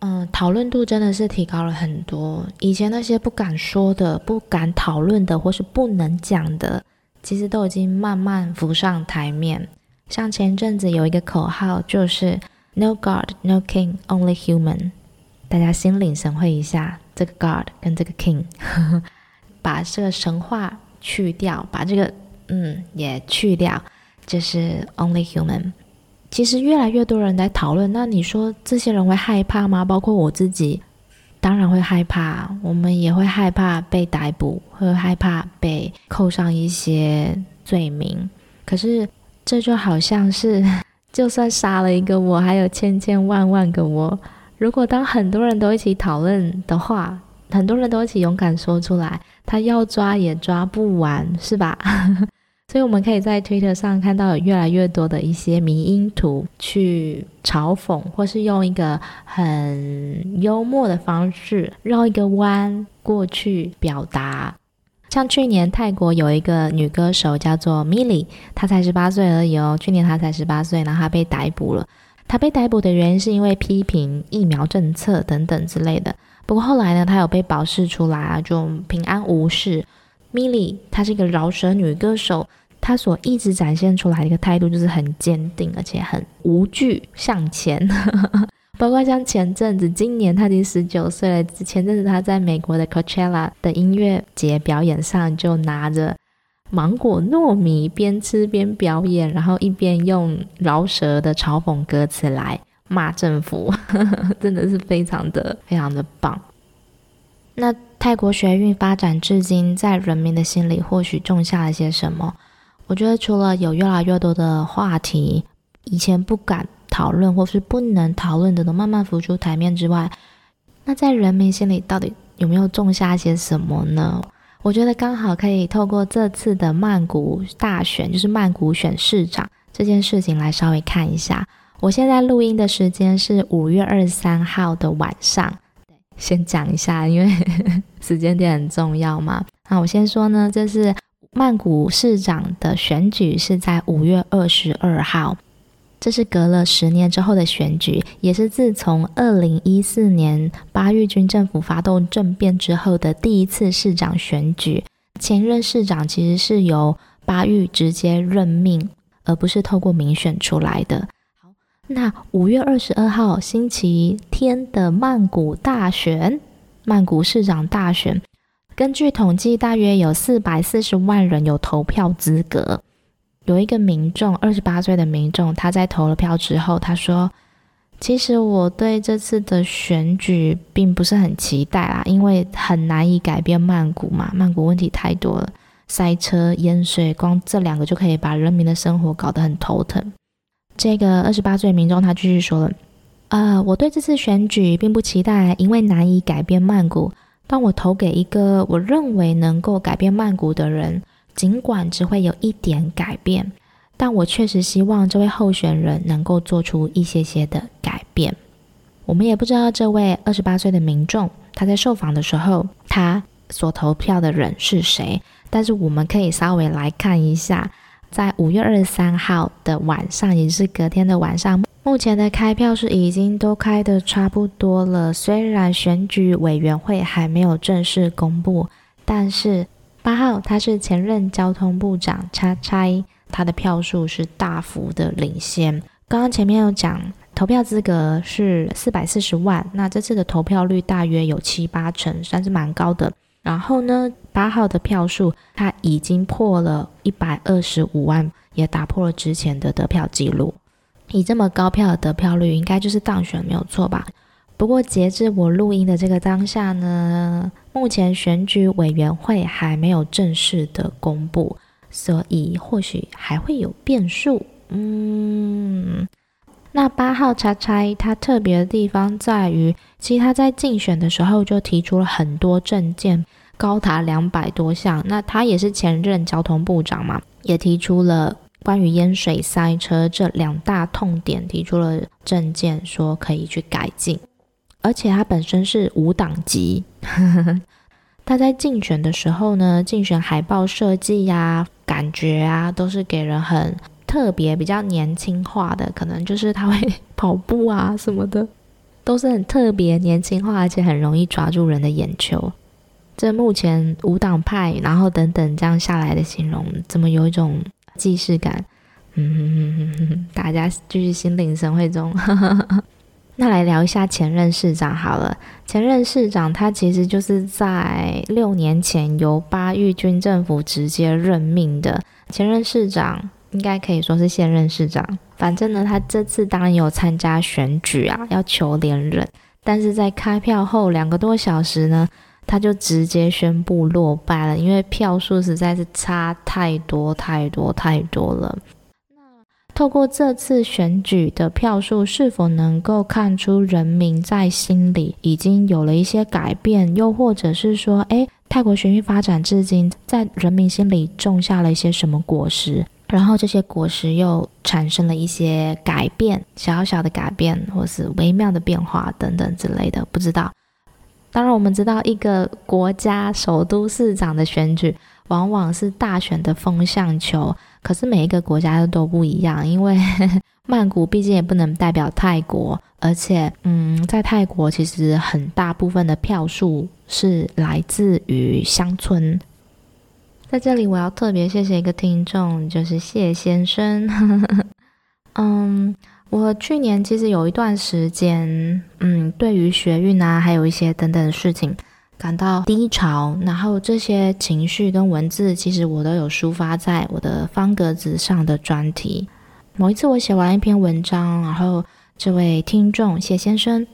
[SPEAKER 1] 嗯，討論度真的是提高了很多。以前那些不敢說的、不敢討論的，或是不能講的，其實都已經慢慢浮上台面。像前陣子有一個口號，就是 “No God, No King, Only Human。”大家心領神會一下，這個 God 跟這個 King，呵呵，把這個神話去掉，把這個嗯也去掉，就是 Only Human。其實越來越多人來討論，那你說這些人會害怕嗎？包括我自己，當然會害怕，我們也會害怕被逮捕，會害怕被扣上一些罪名。可是這就好像是，就算殺了一個我，還有千千萬萬個我。如果當很多人都一起討論的話，很多人都一起勇敢說出來，他要抓也抓不完，是吧？ <laughs> 所以我們可以在推特上看到有越來越多的一些迷因圖，去嘲諷或是用一個很幽默的方式繞一個彎過去表達。像去年泰國有一個女歌手叫做 Milli，她才十八歲而已哦，去年她才十八歲，然後她被逮捕了。他被逮捕的原因是因為批評疫苗政策等等之類的。不過後來呢，他有被保釋出來啊，就平安無事。Milli，她是一個饒舌女歌手，她所一直展現出來的一個態度就是很堅定，而且很無懼向前。 <laughs> 包括像前陣子，今年他已經十九歲了，前陣子他在美國的 Coachella 的音樂節表演上就拿着。芒果糯米邊吃邊表演，然後一邊用饒舌的嘲諷歌詞來罵政府，呵呵真的是非常的非常的棒。那泰國學運發展至今，在人民的心裡或許種下了些什麼？我覺得除了有越來越多的話題，以前不敢討論或是不能討論的都慢慢浮出台面之外，那在人民心裡到底有沒有種下一些什麼呢？我覺得剛好可以透過這次的曼谷大選，就是曼谷選市長這件事情來稍微看一下。我現在錄音的時間是五月二十三號的晚上，對，先講一下，因為呵呵時間點很重要嘛。那我先說呢，這是曼谷市長的選舉是在五月二十二號。這是隔了十年之後的選舉，也是自從二零一四年巴育軍政府發動政變之後的第一次市長選舉。前任市長其實是由巴育直接任命，而不是透過民選出來的。好，那五月二十二號星期天的曼谷大選，曼谷市長大選，根據統計，大約有四百四十萬人有投票資格。有一個民眾，二十八歲的民眾，他在投了票之後，他說：“其實我對這次的選舉並不是很期待啦、啊，因為很難以改變曼谷嘛，曼谷問題太多了，塞車、淹水，光這兩個就可以把人民的生活搞得很頭疼。”這個二十八歲的民眾他繼續說了：“呃，我對這次選舉並不期待、啊，因為難以改變曼谷。當我投給一個我認為能夠改變曼谷的人。”儘管只會有一點改變，但我確實希望這位候選人能夠做出一些些的改變。我們也不知道這位二十八歲的民眾他在受訪的時候他所投票的人是誰，但是我們可以稍微來看一下，在五月二十三號的晚上，也是隔天的晚上，目前的開票是已經都開得差不多了。雖然選舉委員會還沒有正式公布，但是。八號，他是前任交通部長差差，他的票數是大幅的領先。剛剛前面有講，投票資格是四百四十萬，那這次的投票率大約有七八成，算是蠻高的。然後呢，八號的票數他已經破了一百二十五萬，也打破了之前的得票記錄。以這麼高票的得票率，應該就是當選沒有錯吧？不過，截至我錄音的這個當下呢，目前選舉委員會還沒有正式的公布，所以或許還會有變數。嗯，那八號叉叉，它他特別的地方在於，其實他在競選的時候就提出了很多政見，高達兩百多項。那他也是前任交通部長嘛，也提出了關於淹水、塞車這兩大痛點，提出了政見，說可以去改進。而且他本身是無黨籍， <laughs> 他在競選的時候呢，競選海報設計呀、感覺啊，都是給人很特別、比較年輕化的，可能就是他會跑步啊什麼的，都是很特別、年輕化，而且很容易抓住人的眼球。這目前無黨派，然後等等這樣下來的形容，怎麼有一種既視感？嗯
[SPEAKER 3] 哼哼哼哼哼，
[SPEAKER 1] 大家就是心領神會中。 <laughs> 那來聊一下前任市長好了。前任市長他其實就是在六年前由巴育軍政府直接任命的。前任市長應該可以說是現任市長，反正呢，他這次當然有參加選舉啊，要求連任。但是在開票後兩個多小時呢，他就直接宣布落敗了，因為票數實在是差太多太多太多了。透過這次選舉的票數，是否能夠看出人民在心裡已經有了一些改變？又或者是說，哎，泰國學運發展至今，在人民心裡種下了一些什麼果實？然後這些果實又產生了一些改變，小小的改變，或是微妙的變化等等之類的，不知道。當然，我們知道一個國家首都市長的選舉。往往是大選的風向球，可是每一個國家又都不一樣，因為呵呵曼谷畢竟也不能代表泰國，而且，嗯，在泰國其實很大部分的票數是來自於鄉村。在這裡，我要特別謝謝一個聽眾，就是謝先生。 <laughs> 嗯，我去年其實有一段時間，嗯，對於學運啊，還有一些等等的事情，感到低潮，然後這些情緒跟文字，其實我都有抒發在我的方格子上的專題。某一次我寫完一篇文章，然後這位聽眾謝先生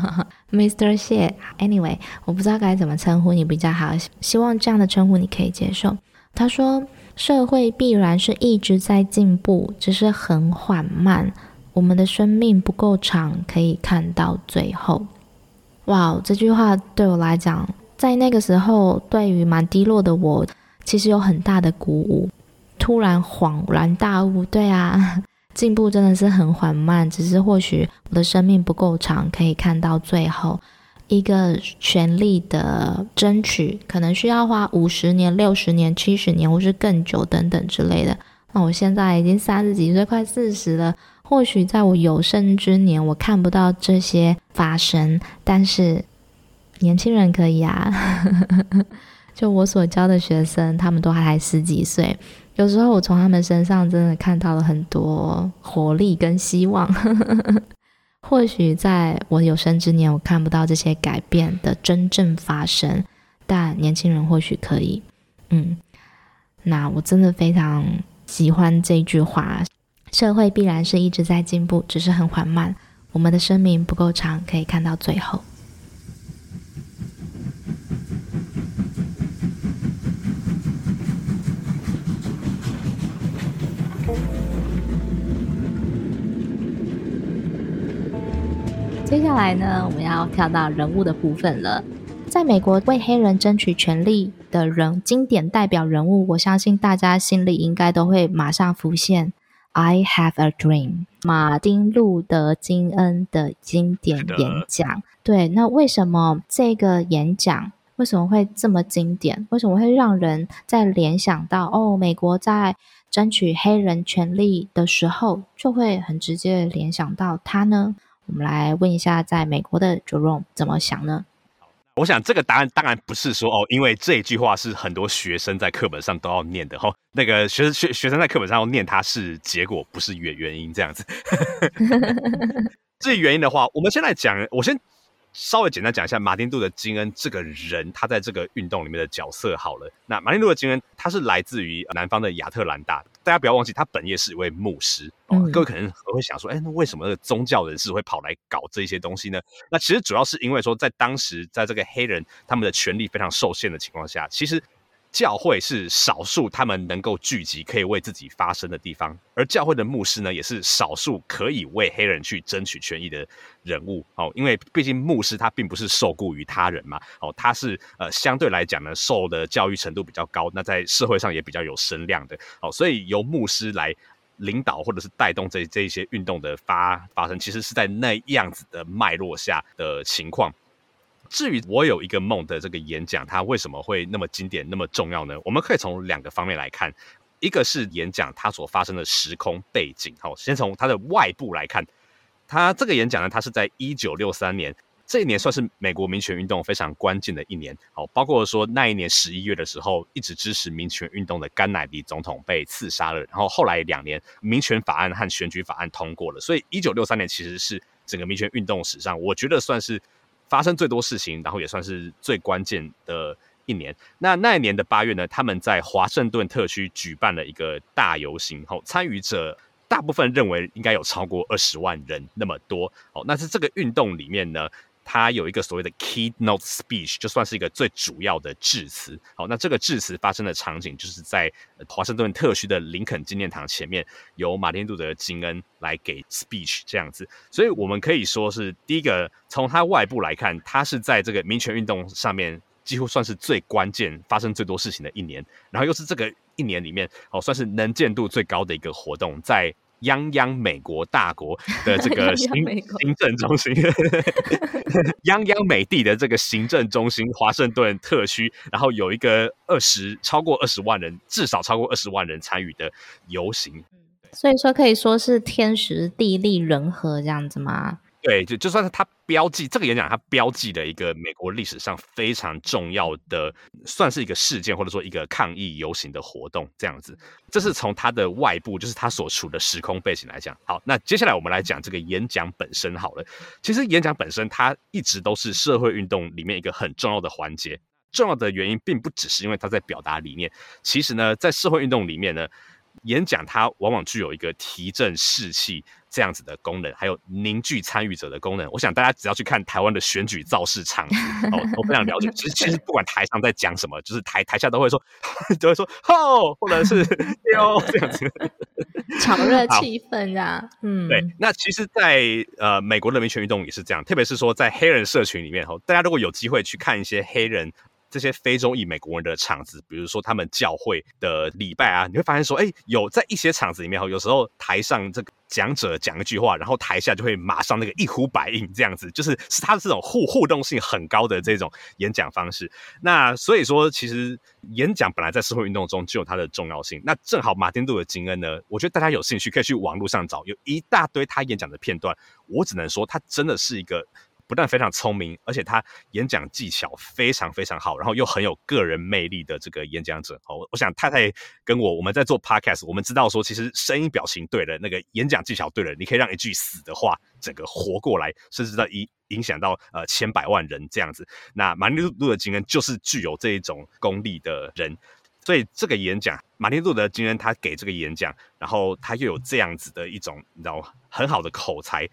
[SPEAKER 1] <laughs> ，Mr. 謝，Anyway，我不知道該怎麼稱呼你比較好，希望這樣的稱呼你可以接受。他說：“社會必然是一直在進步，只是很緩慢。我們的生命不夠長，可以看到最後。”哇，wow, 這句話對我來講，在那個時候，對於蠻低落的我，其實有很大的鼓舞。突然恍然大悟，對啊，進步真的是很緩慢，只是或許我的生命不夠長，可以看到最後一個權利的爭取，可能需要花五十年、六十年、七十年，或是更久等等之類的。那、哦、我現在已經三十幾歲，快四十了。或許在我有生之年，我看不到這些發生，但是年輕人可以啊。 <laughs> 就我所教的學生，他們都還十幾歲，有時候我從他們身上真的看到了很多活力跟希望。 <laughs> 或許在我有生之年，我看不到這些改變的真正發生，但年輕人或許可以。嗯，那我真的非常喜歡這句話。社會必然是一直在進步，只是很緩慢。我們的生命不夠長，可以看到最後。接下來呢，我們要跳到人物的部分了。在美國為黑人爭取權利的人，經典代表人物，我相信大家心裡應該都會馬上浮現。I have a dream，馬丁·路德·金恩的經典演講。是的。對，那為什麼這個演講為什麼會這麼經典？為什麼會讓人在聯想到哦，美國在爭取黑人權利的時候，就會很直接聯想到他呢？我們來問一下，在美國的 Jerome 怎麼想呢？
[SPEAKER 2] 我想這個答案當然不是說哦，因為這一句話是很多學生在課本上都要念的哈、哦。那個學學學生在課本上要念它是結果，不是原原因這樣子。 <laughs> 至於原因的話，我們先來講，我先稍微簡單講一下馬丁路德金恩這個人，他在這個運動裡面的角色好了。那馬丁路德金恩他是來自於南方的亞特蘭大的。大家不要忘記，他本業是一位牧師。嗯。哦，各位可能會想說，哎、欸，那為什麼宗教人士會跑來搞這些東西呢？那其實主要是因為說，在當時，在這個黑人他們的權利非常受限的情況下，其實。教會是少數他們能夠聚集，可以為自己發聲的地方，而教會的牧師呢，也是少數可以為黑人去爭取權益的人物哦。因為畢竟牧師他並不是受僱於他人嘛，哦，他是呃相對來講呢，受的教育程度比較高，那在社會上也比較有聲量的，哦，所以由牧師來領導或者是帶動這這一些運動的發發生，其實是在那樣子的脈絡下的情況。至於我有一個夢的這個演講，它為什麼會那麼經典、那麼重要呢？我們可以從兩個方面來看，一個是演講它所發生的時空背景。好，先從它的外部來看，它這個演講呢，它是在一九六三年，這一年算是美國民權運動非常關鍵的一年。好，包括說那一年十一月的時候，一直支持民權運動的甘乃迪總統被刺殺了，然後後來兩年民權法案和選舉法案通過了，所以一九六三年其實是整個民權運動史上，我覺得算是。發生最多事情，然後也算是最關鍵的一年。那那一年的八月呢，他們在華盛頓特區舉辦了一個大遊行，後參與者大部分認為應該有超過二十萬人那麼多。好，那在這個運動裡面呢。他有一個所謂的 keynote speech，就算是一個最主要的致辭。好，那這個致辭發生的場景就是在呃、華盛頓特區的林肯紀念堂前面，由馬丁路德金恩來給 speech 這樣子。所以，我們可以說是第一個從他外部來看，他是在這個民權運動上面幾乎算是最關鍵、發生最多事情的一年。然後又是這個一年裡面，好，算是能見度最高的一個活動，在。泱泱美國大國的這個行政中
[SPEAKER 3] 心，
[SPEAKER 2] <laughs> 泱泱美帝的這個行政中心華盛頓特區，然後有一個二十超過二十萬人，至少超過二十萬人參與的遊行，
[SPEAKER 1] 所以說可以說是天時地利人和這樣子嗎？
[SPEAKER 2] 對，就就算是，他標記這個演講，他標記了一個美國歷史上非常重要的，算是一個事件或者說一個抗議遊行的活動這樣子。這是從它的外部，就是它所處的時空背景來講。好，那接下來我們來講這個演講本身好了。其實演講本身它一直都是社會運動裡面一個很重要的環節。重要的原因並不只是因為它在表達理念，其實呢，在社會運動裡面呢，演講它往往具有一個提振士氣。這樣子的功能，還有凝聚參與者的功能，我想大家只要去看台灣的選舉造勢場， <laughs> 哦，我非常了解。其實，其實不管台上在講什麼，就是台台下都會說，呵呵都會說吼、oh，或者是喲 <laughs> <laughs> 這
[SPEAKER 3] 樣子，
[SPEAKER 1] 炒熱氣氛啊。好嗯，
[SPEAKER 2] 對。那其實在，在呃美國人民權運動也是這樣，特別是說在黑人社群裡面，大家如果有機會去看一些黑人。這些非洲裔美國人的場子，比如說他們教會的禮拜啊，你會發現說，哎、欸，有在一些場子裡面哈，有時候台上這個講者講一句話，然後台下就會馬上那個一呼百應這樣子，就是他是他的這種互互動性很高的這種演講方式。那所以說，其實演講本來在社會運動中就有它的重要性。那正好馬丁·路德·金恩呢，我覺得大家有興趣可以去網絡上找，有一大堆他演講的片段。我只能說，他真的是一個。不但非常聰明，而且他演講技巧非常非常好，然後又很有個人魅力的這個演講者哦，我想太太跟我我們在做 podcast，我們知道說其實聲音表情對了，那個演講技巧對了，你可以讓一句死的話整個活過來，甚至到影影響到呃千百萬人這樣子。那馬丁路德金恩就是具有這一種功力的人，所以這個演講，馬丁路德金恩他給這個演講，然後他又有這樣子的一種你知道很好的口才。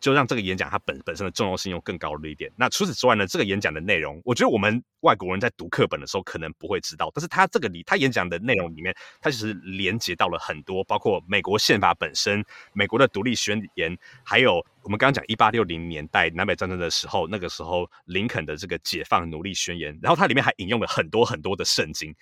[SPEAKER 2] 就讓這個演講它本本身的重要性又更高了一點。那除此之外呢，這個演講的內容，我覺得我們外國人在讀課本的時候可能不會知道，但是它這個裡它演講的內容裡面，它其實連接到了很多，包括美國憲法本身、美國的獨立宣言，還有我們剛剛講一八六零年代南北戰爭的時候，那個時候林肯的這個解放奴隸宣言，然後它裡面還引用了很多很多的聖經。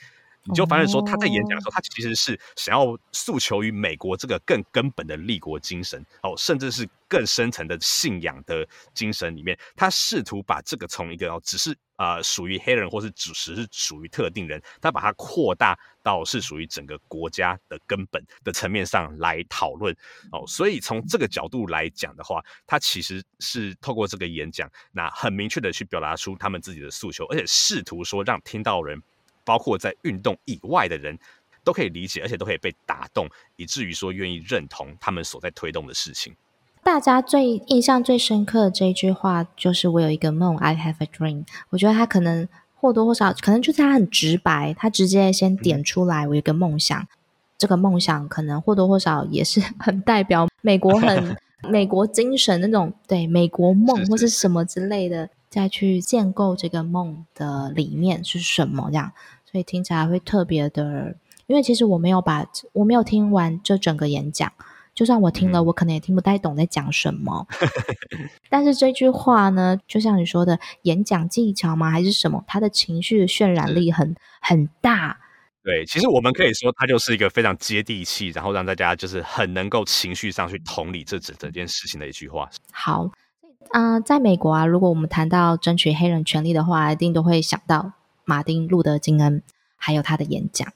[SPEAKER 1] 你就發現說，他在演講的時候，
[SPEAKER 2] 他其實是想要訴求於美國這個更根本的立國精神，哦，甚至是更深層的信仰的精神裡面，他試圖把這個從一個只是啊屬於黑人，或是只是是屬於特定人，他把它擴大到是屬於整個國家的根本的層面上來討論，哦，所以從這個角度來講的話，他其實是透過這個演講，那很明確的去表達出他們自己的訴求，而且試圖說讓聽到人。包括在運動以外的人，都可以理解，而且都可以被打動，以至於說願意認同他們所在推動的事情。
[SPEAKER 1] 大家最印象最深刻的這一句話就是“我有一個夢，I have a dream”。我覺得他可能或多或少，可能就是他很直白，他直接先點出來我有一個夢想。嗯、這個夢想可能或多或少也是很代表美國很，很 <laughs> 美國精神那種對美國夢或是什麼之類的， <laughs> 再去建構這個夢的裡面是什麼樣。所以聽起來會特別的，因為其實我沒有把我沒有聽完這整個演講，就算我聽了，我可能也聽不太懂在講什麼。 <laughs> 但是這句話呢，就像你說的，演講技巧嗎？還是什麼？他的情緒渲染力很的很大。
[SPEAKER 2] 對，其實我們可以說，他就是一個非常接地氣，然後讓大家就是很能夠情緒上去同理這整整件事情的一句話。
[SPEAKER 1] 好，啊、呃，在美國啊，如果我們談到爭取黑人權利的話，一定都會想到。馬丁·路德·金恩，還有他的演講。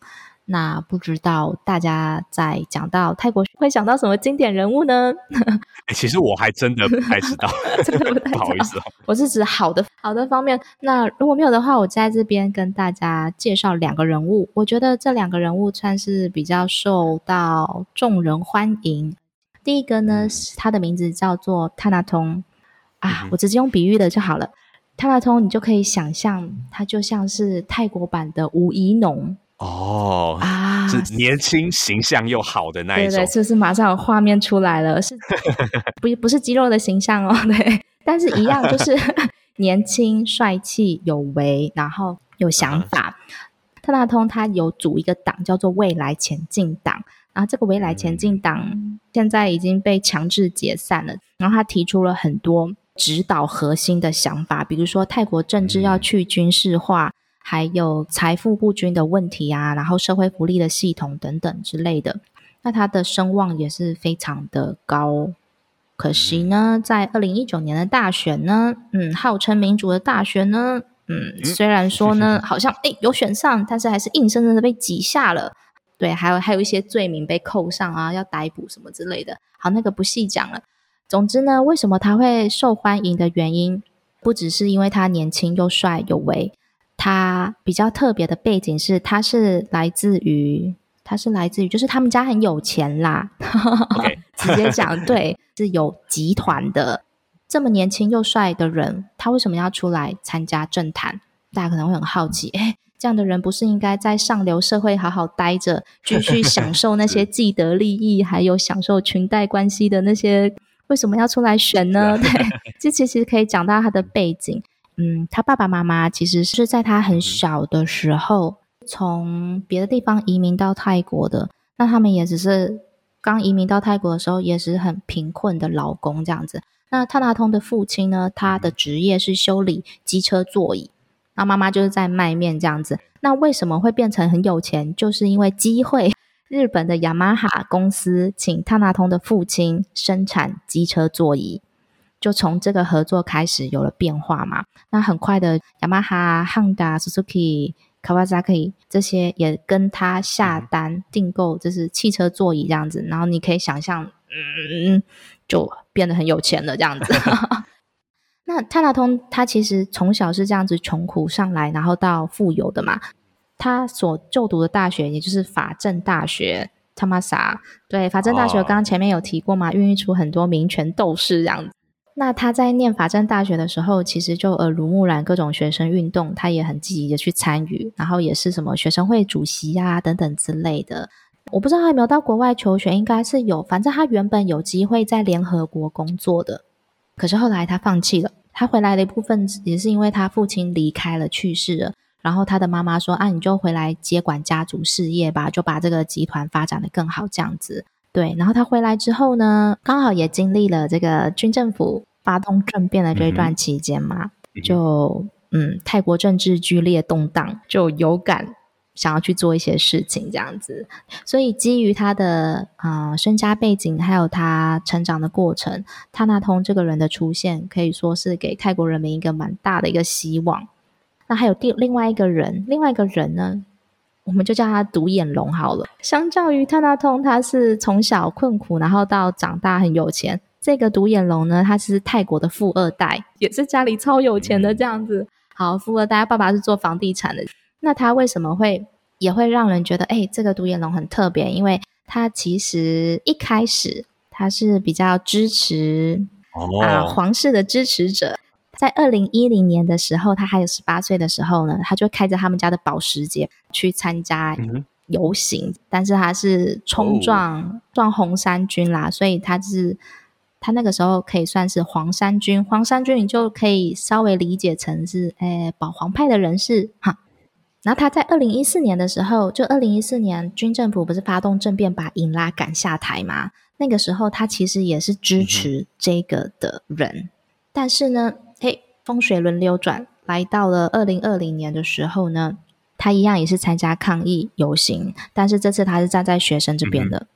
[SPEAKER 1] 那不知道大家在講到泰國會想到什麼經典人物呢？
[SPEAKER 2] <laughs> 欸、其實我還真的不太知
[SPEAKER 3] 道， <laughs> 真的不太知道 <laughs> 不好意思、哦，
[SPEAKER 1] 我是指好的好的方面。那如果沒有的話，我在這邊跟大家介紹兩個人物，我覺得這兩個人物算是比較受到眾人歡迎。第一個呢，嗯、他的名字叫做塔納通啊，嗯、哼我直接用比喻的就好了。塔納通，你就可以想象，它就像是泰國版的吳怡農
[SPEAKER 2] 哦、oh, 啊，是年輕、形象又好的那一種。對，對對，就是，
[SPEAKER 1] 是馬上有畫面出來了，是不不是肌肉的形象哦？對，但是一樣就是 <laughs> 年輕、帥氣、有為，然後有想法。塔納、uh huh. 通他有組一個黨，叫做未來前進黨。然後這個未來前進黨現在已經被強制解散了。然後他提出了很多。指導核心的想法，比如說泰國政治要去軍事化，還有財富不均的問題啊，然後社會福利的系統等等之類的。那他的聲望也是非常的高，可惜呢，在二零一九年的大選呢，嗯，號稱民主的大選呢，嗯，雖然說呢，好像誒，有選上，但是還是硬生生的被擠下了。對，還有還有一些罪名被扣上啊，要逮捕什麼之類的。好，那個不細講了。總之呢，為什麼他會受歡迎的原因，不只是因為他年輕又帥有為，他比較特別的背景是，他是來自於，他是來自於，就是他們家很有錢啦， <laughs> Okay. <laughs> 直接講對，是有集團的。這麼年輕又帥的人，他為什麼要出來參加政壇？大家可能會很好奇，哎，這樣的人不是應該在上流社會好好待着，繼續享受那些既得利益，還有享受裙帶關係的那些。為什麼要出來選呢？對，這其實可以講到他的背景。嗯，他爸爸媽媽其實是在他很小的時候從別的地方移民到泰國的。那他們也只是剛移民到泰國的時候，也是很貧困的勞工這樣子。那塔納通的父親呢，他的職業是修理機車座椅，那媽媽就是在賣麵這樣子。那為什麼會變成很有錢？就是因為機會。日本的雅馬哈公司請塔納通的父親生產機車座椅，就從這個合作開始有了變化嘛。那很快的，雅馬哈、Honda、Suzuki、Kawasaki 這些也跟他下單訂購，就是汽車座椅這樣子。然後你可以想象，嗯，就變得很有錢了這樣子。 <laughs> 那塔納通他其實從小是這樣子窮苦上來，然後到富有的嘛。他所就讀的大學也就是法政大學，Thammasat？對，法政大學剛剛前面有提過嘛，哦、孕育出很多民權鬥士。這樣子，那他在念法政大學的時候，其實就耳濡目染各種學生運動，他也很積極的去參與，然後也是什麼學生會主席啊等等之類的。我不知道他有沒有到國外求學，應該是有。反正他原本有機會在聯合國工作的，可是後來他放棄了。他回來的一部分也是因為他父親離開了，去世了。然後他的媽媽說：“啊，你就回來接管家族事業吧，就把這個集團發展得更好，這樣子。”對。然後他回來之後呢，剛好也經歷了這個軍政府發動政變的這一段期間嘛，就嗯，泰國政治劇烈動盪，就有感想要去做一些事情，這樣子。所以基於他的啊、呃、身家背景，還有他成長的過程，塔納通這個人的出現，可以說是給泰國人民一個蠻大的一個希望。那還有第另外一個人，另外一個人呢，我們就叫他獨眼龍好了。相較於塔納通，他是從小困苦，然後到長大很有錢。這個獨眼龍呢，他是泰國的富二代，也是家裡超有錢的這樣子。嗯、好，富二代爸爸是做房地產的。那他為什麼會也會讓人覺得，哎、欸，這個獨眼龍很特別？因為，他其實一開始他是比較支持、
[SPEAKER 3] 哦、啊皇
[SPEAKER 1] 室的支持者。在二零一零年的時候，他還有十八歲的時候呢，他就開着他們家的保時捷去參加遊行，但是他是衝撞撞紅衫軍啦，哦、所以他是他那個時候可以算是黃衫軍，黃衫軍你就可以稍微理解成是誒、哎、保皇派的人士哈。然後他在二零一四年的時候，就二零一四年軍政府不是發動政變把英拉趕下台嘛？那個時候他其實也是支持這個的人，嗯、哼但是呢。風水輪流轉，來到了二零二零年的時候呢，他一樣也是參加抗議遊行，但是這次他是站在學生這邊的，嗯、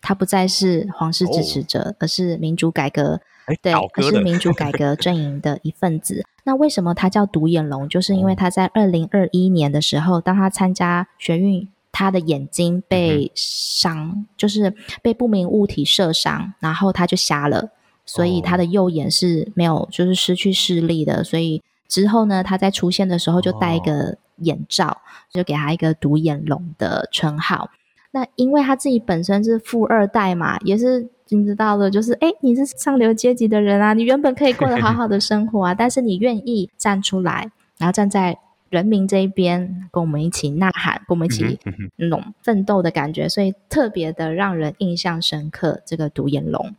[SPEAKER 1] 他不再是皇室支持者，哦、而是民主改革，欸、對，而是民主改革陣營的一份子。 <laughs> 那為什麼他叫獨眼龍？就是因為他在二零二一年的時候，嗯、當他參加學運，他的眼睛被傷，嗯、就是被不明物體射傷，然後他就瞎了。所以他的右眼是沒有，就是失去視力的。Oh. 所以之後呢，他在出現的時候就戴一個眼罩，oh. 就給他一個獨眼龍的稱號。那因為他自己本身是富二代嘛，也是你知道的，就是哎，你是上流階級的人啊，你原本可以過得好好的生活啊， <laughs> 但是你願意站出來，然後站在人民這一邊，跟我們一起吶喊，跟我們一起那種、 <laughs> 嗯、奮鬥的感覺，所以特別的讓人印象深刻。這個獨眼龍。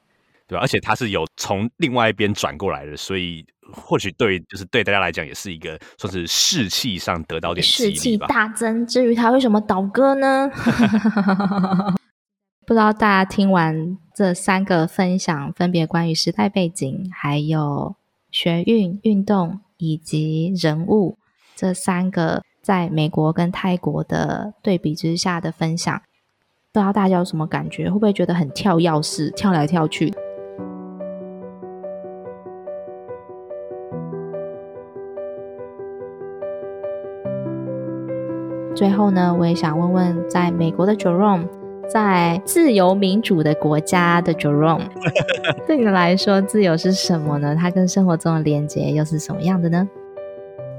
[SPEAKER 2] 對吧，而且他是有從另外一邊轉過來的，所以或許，對，就是對大家來講也是一個，說是士氣上得到點士氣大
[SPEAKER 1] 增。至於他為什麼倒戈呢？ <laughs> 不知道大家聽完這三個分享，分別關於時代背景、還有學運運動以及人物這三個在美國跟泰國的對比之下的分享，不知道大家有什麼感覺？會不會覺得很跳躍式，跳來跳去？最後呢，我也想問問，在美國的 Jerome，在自由民主的國家的 Jerome，對你 <laughs> 來說，自由是什麼呢？它跟生活中的連接又是什麼樣的呢？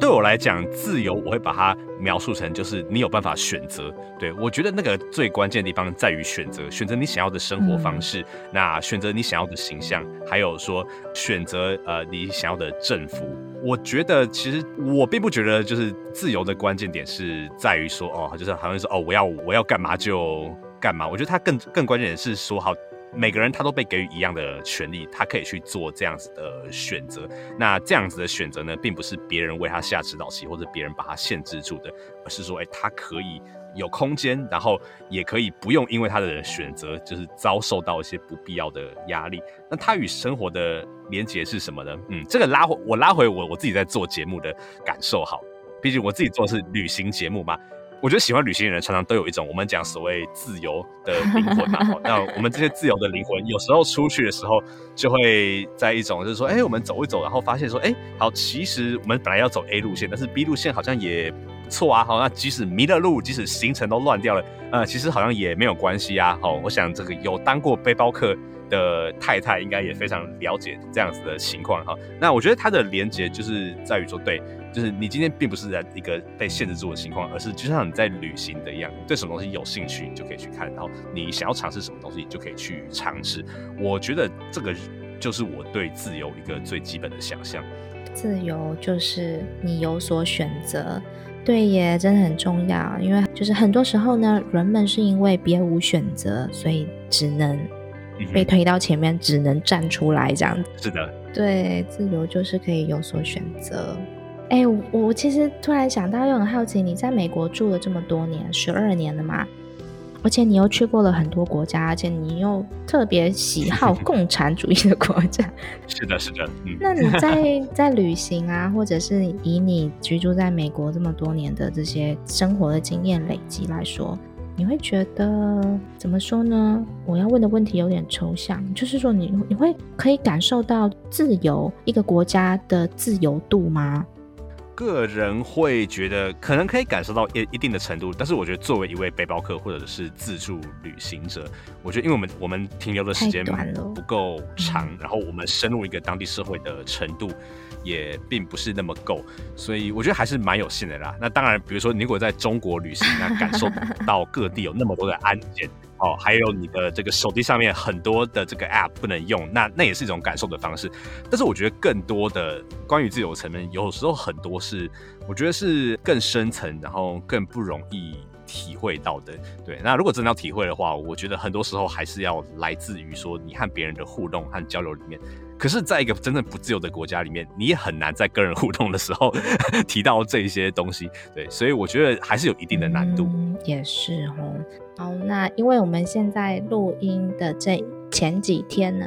[SPEAKER 2] 對我來講，自由我會把它描述成就是你有辦法選擇。對，我覺得那個最關鍵的地方在於選擇，選擇你想要的生活方式，那選擇你想要的形象，還有說選擇呃你想要的政府。我覺得其實我並不覺得就是自由的關鍵點是在於說哦，就是好像說哦我要我要幹嘛就幹嘛。我覺得它更更關鍵的是說好。每個人他都被給予一樣的權利，他可以去做這樣子的選擇。那這樣子的選擇呢，並不是別人為他下指導棋，或者別人把他限制住的，而是說，誒、欸，他可以有空間，然後也可以不用因為他的選擇就是遭受到一些不必要的壓力。那他與生活的連結是什麼呢？嗯，這個拉回我拉回我我自己在做節目的感受好，畢竟我自己做是旅行節目嘛。我覺得喜歡旅行的人常常都有一種我們講所謂自由的靈魂啊 <laughs> 那我們這些自由的靈魂，有時候出去的時候就會在一種就是說，哎、欸，我們走一走，然後發現說，哎、欸，好，其實我們本來要走 A 路線，但是 B 路線好像也不錯啊。好，那即使迷了路，即使行程都亂掉了，呃，其實好像也沒有關係啊。好、哦，我想這個有當過背包客的太太應該也非常了解這樣子的情況哈。那我覺得他的連接就是在於說，對，就是你今天並不是在一個被限制住的情況，而是就像你在旅行的一樣，你對什麼東西有興趣，你就可以去看；然後你想要嘗試什麼東西，你就可以去嘗試。我覺得這個就是我對自由一個最基本的想象。
[SPEAKER 1] 自由就是你有所選擇，對也真的很重要。因為就是很多時候呢，人們是因為別無選擇，所以只能。被推到前面，只能站出來這樣子。是的，對，自由就是可以有所選擇。哎，我我其實突然想到，又很好奇，你在美國住了這麼多年，十二年了嘛？而且你又去過了很多國家，而且你又特別喜好共產主義的國家。 <laughs> 是
[SPEAKER 3] 的，是的，嗯。那你在
[SPEAKER 1] 在旅行啊，或者是以你居住在美國這麼多年的這些生活的經驗累積來說。你會覺得怎麼說呢？我要問的問題有點抽象，就是說你你會可以感受到自由，一個國家的自由度嗎？
[SPEAKER 2] 個人會覺得可能可以感受到一一定的程度，但是我覺得作為一位背包客或者是自助旅行者，我覺得因為我們我們停留的時間不夠長，嗯、然後我們深入一個當地社會的程度。也並不是那麼夠，所以我覺得還是蠻有幸的啦。那當然，比如說你如果在中國旅行，那感受不到各地有那麼多的安檢 <laughs> 哦，還有你的這個手機上面很多的這個 App 不能用，那那也是一種感受的方式。但是我覺得更多的關於自由層面，有時候很多是我覺得是更深層，然後更不容易體會到的。對，那如果真的要體會的話，我覺得很多時候還是要來自於說你和別人的互動和交流裡面。可是，在一個真正不自由的國家裡面，你也很難在跟人互動的時候 <laughs> 提到這些東西。對，所以我覺得還是有一定的難
[SPEAKER 1] 度。嗯，也是齁，哦，那因為我們現在錄音的這前幾天呢，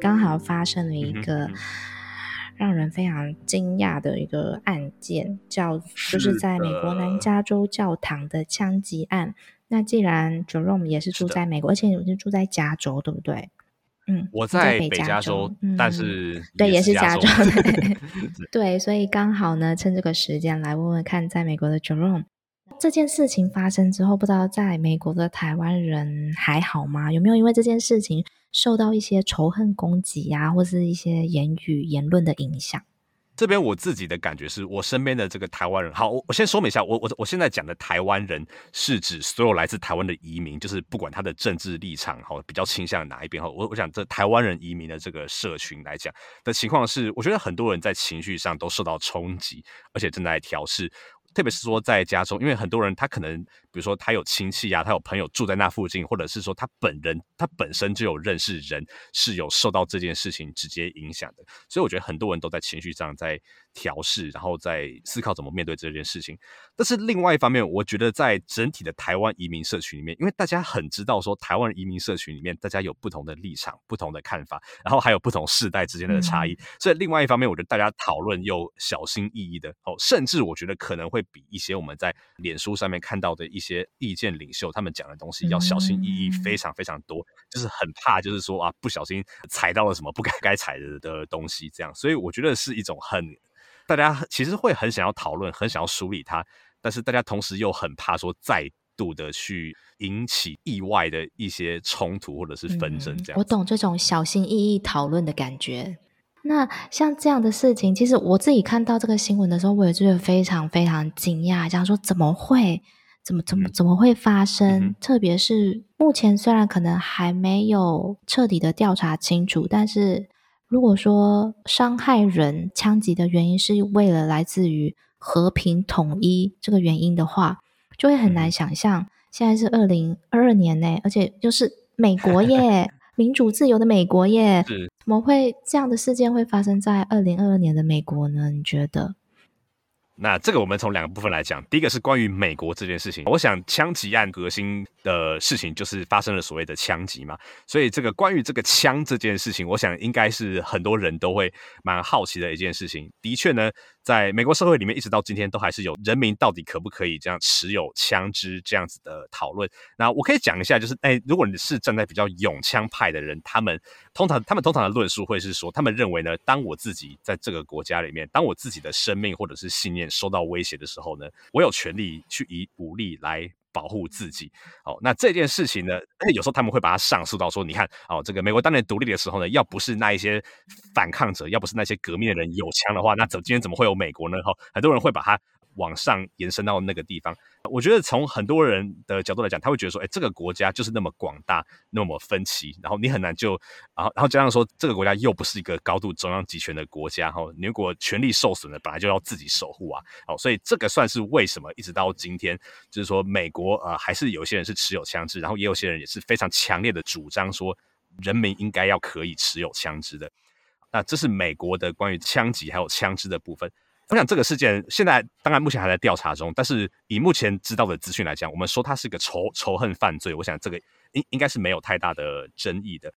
[SPEAKER 1] 剛好發生了一個讓人非常驚訝的一個案件，叫就是在美國南加州教堂的槍擊案。的那既然 Jerome 也是住在美國，的而且你是住在加州，對不對？我在北加州，嗯、加州但是，對，也是加州。對，所以剛好呢，趁這個時間來問問看，在美國的 Jerome， <laughs> 這件事情發生之後，不知道在美國的台灣人還好嗎？有沒有因為這件事情受到一些仇恨攻擊呀、啊，或是一些言語言論的影響？
[SPEAKER 2] 這邊我自己的感覺是，我身邊的這個台灣人，好，我我先說明一下，我我我現在講的台灣人是指所有來自台灣的移民，就是不管他的政治立場，好，比較傾向哪一邊，好，我我想這台灣人移民的這個社群來講的情況是，我覺得很多人在情緒上都受到衝擊，而且正在調適，特別是說在加州，因為很多人他可能。比如說他有親戚呀、啊，他有朋友住在那附近，或者是說他本人他本身就有認識人是有受到這件事情直接影響的，所以我覺得很多人都在情緒上在調適，然後在思考怎麼面對這件事情。但是另外一方面，我覺得在整體的台灣移民社群裡面，因為大家很知道說台灣移民社群裡面大家有不同的立場、不同的看法，然後還有不同世代之間的差異，所以另外一方面，我覺得大家討論又小心翼翼的哦，甚至我覺得可能會比一些我們在臉書上面看到的一。一些意見領袖，他們講的東西要小心翼翼，非常非常多，就是很怕，就是說啊，不小心踩到了什麼不該該踩的的東西，這樣。所以我覺得是一種很，大家其實會很想要討論，很想要梳理它，但是大家同時又很怕說再度的去引起意外的一些衝突或者是紛爭這樣、嗯。我
[SPEAKER 1] 懂這種小心翼翼討論的感覺。那像這樣的事情，其實我自己看到這個新聞的時候，我也覺得非常非常驚訝，想說怎麼會？怎麼怎麼怎麼會發生？嗯嗯、特別是目前雖然可能還沒有徹底的調查清楚，但是如果說傷害人槍擊的原因是為了來自於和平統一這個原因的話，就會很難想象。現在是二零二二年呢，而且就是美國耶， <laughs> 民主自由的美國耶，是怎麼會這樣的事件會發生在二零二二年的美國呢？你覺得？
[SPEAKER 2] 那這個我們從兩個部分來講，第一個是關於美國這件事情，我想槍擊案核心的事情就是發生了所謂的槍擊嘛，所以這個關於這個槍這件事情，我想應該是很多人都會蠻好奇的一件事情。的確呢。在美國社會裡面，一直到今天都還是有人民到底可不可以這樣持有槍支這樣子的討論。那我可以講一下，就是，哎、欸，如果你是站在比較擁槍派的人，他們通常他們通常的論述會是說，他們認為呢，當我自己在這個國家裡面，當我自己的生命或者是信念受到威脅的時候呢，我有權利去以武力來保護自己，好、哦，那這件事情呢，有時候他們會把它上訴到說，你看，哦，這個美國當年獨立的時候呢，要不是那一些反抗者，要不是那些革命的人有槍的話，那怎今天怎麼會有美國呢？哈、哦，很多人會把它。往上延伸到那個地方，我覺得從很多人的角度來講，他會覺得說，哎，這個國家就是那麼廣大，那麼分歧，然後你很難就，然後，然後加上說，這個國家又不是一個高度中央集權的國家，哈，你如果權力受損了，本來就要自己守護啊，哦，所以這個算是為什麼一直到今天，就是說美國呃，還是有些人是持有槍支，然後也有些人也是非常強烈的主張說，人民應該要可以持有槍支的，那這是美國的關於槍擊還有槍支的部分。我想這個事件現在當然目前還在調查中，但是以目前知道的資訊來講，我們說它是個仇仇恨犯罪。我想這個應應該是沒有太大的爭議的。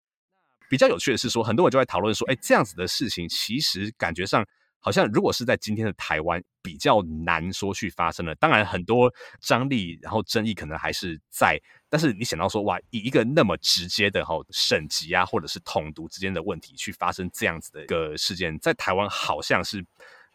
[SPEAKER 2] 比較有趣的是說，很多人就在討論說，哎，這樣子的事情其實感覺上好像如果是在今天的台灣比較難說去發生了。當然很多張力，然後爭議可能還是在。但是你想到說，哇，以一個那麼直接的吼，省籍啊，或者是統獨之間的問題去發生這樣子的一個事件，在台灣好像是。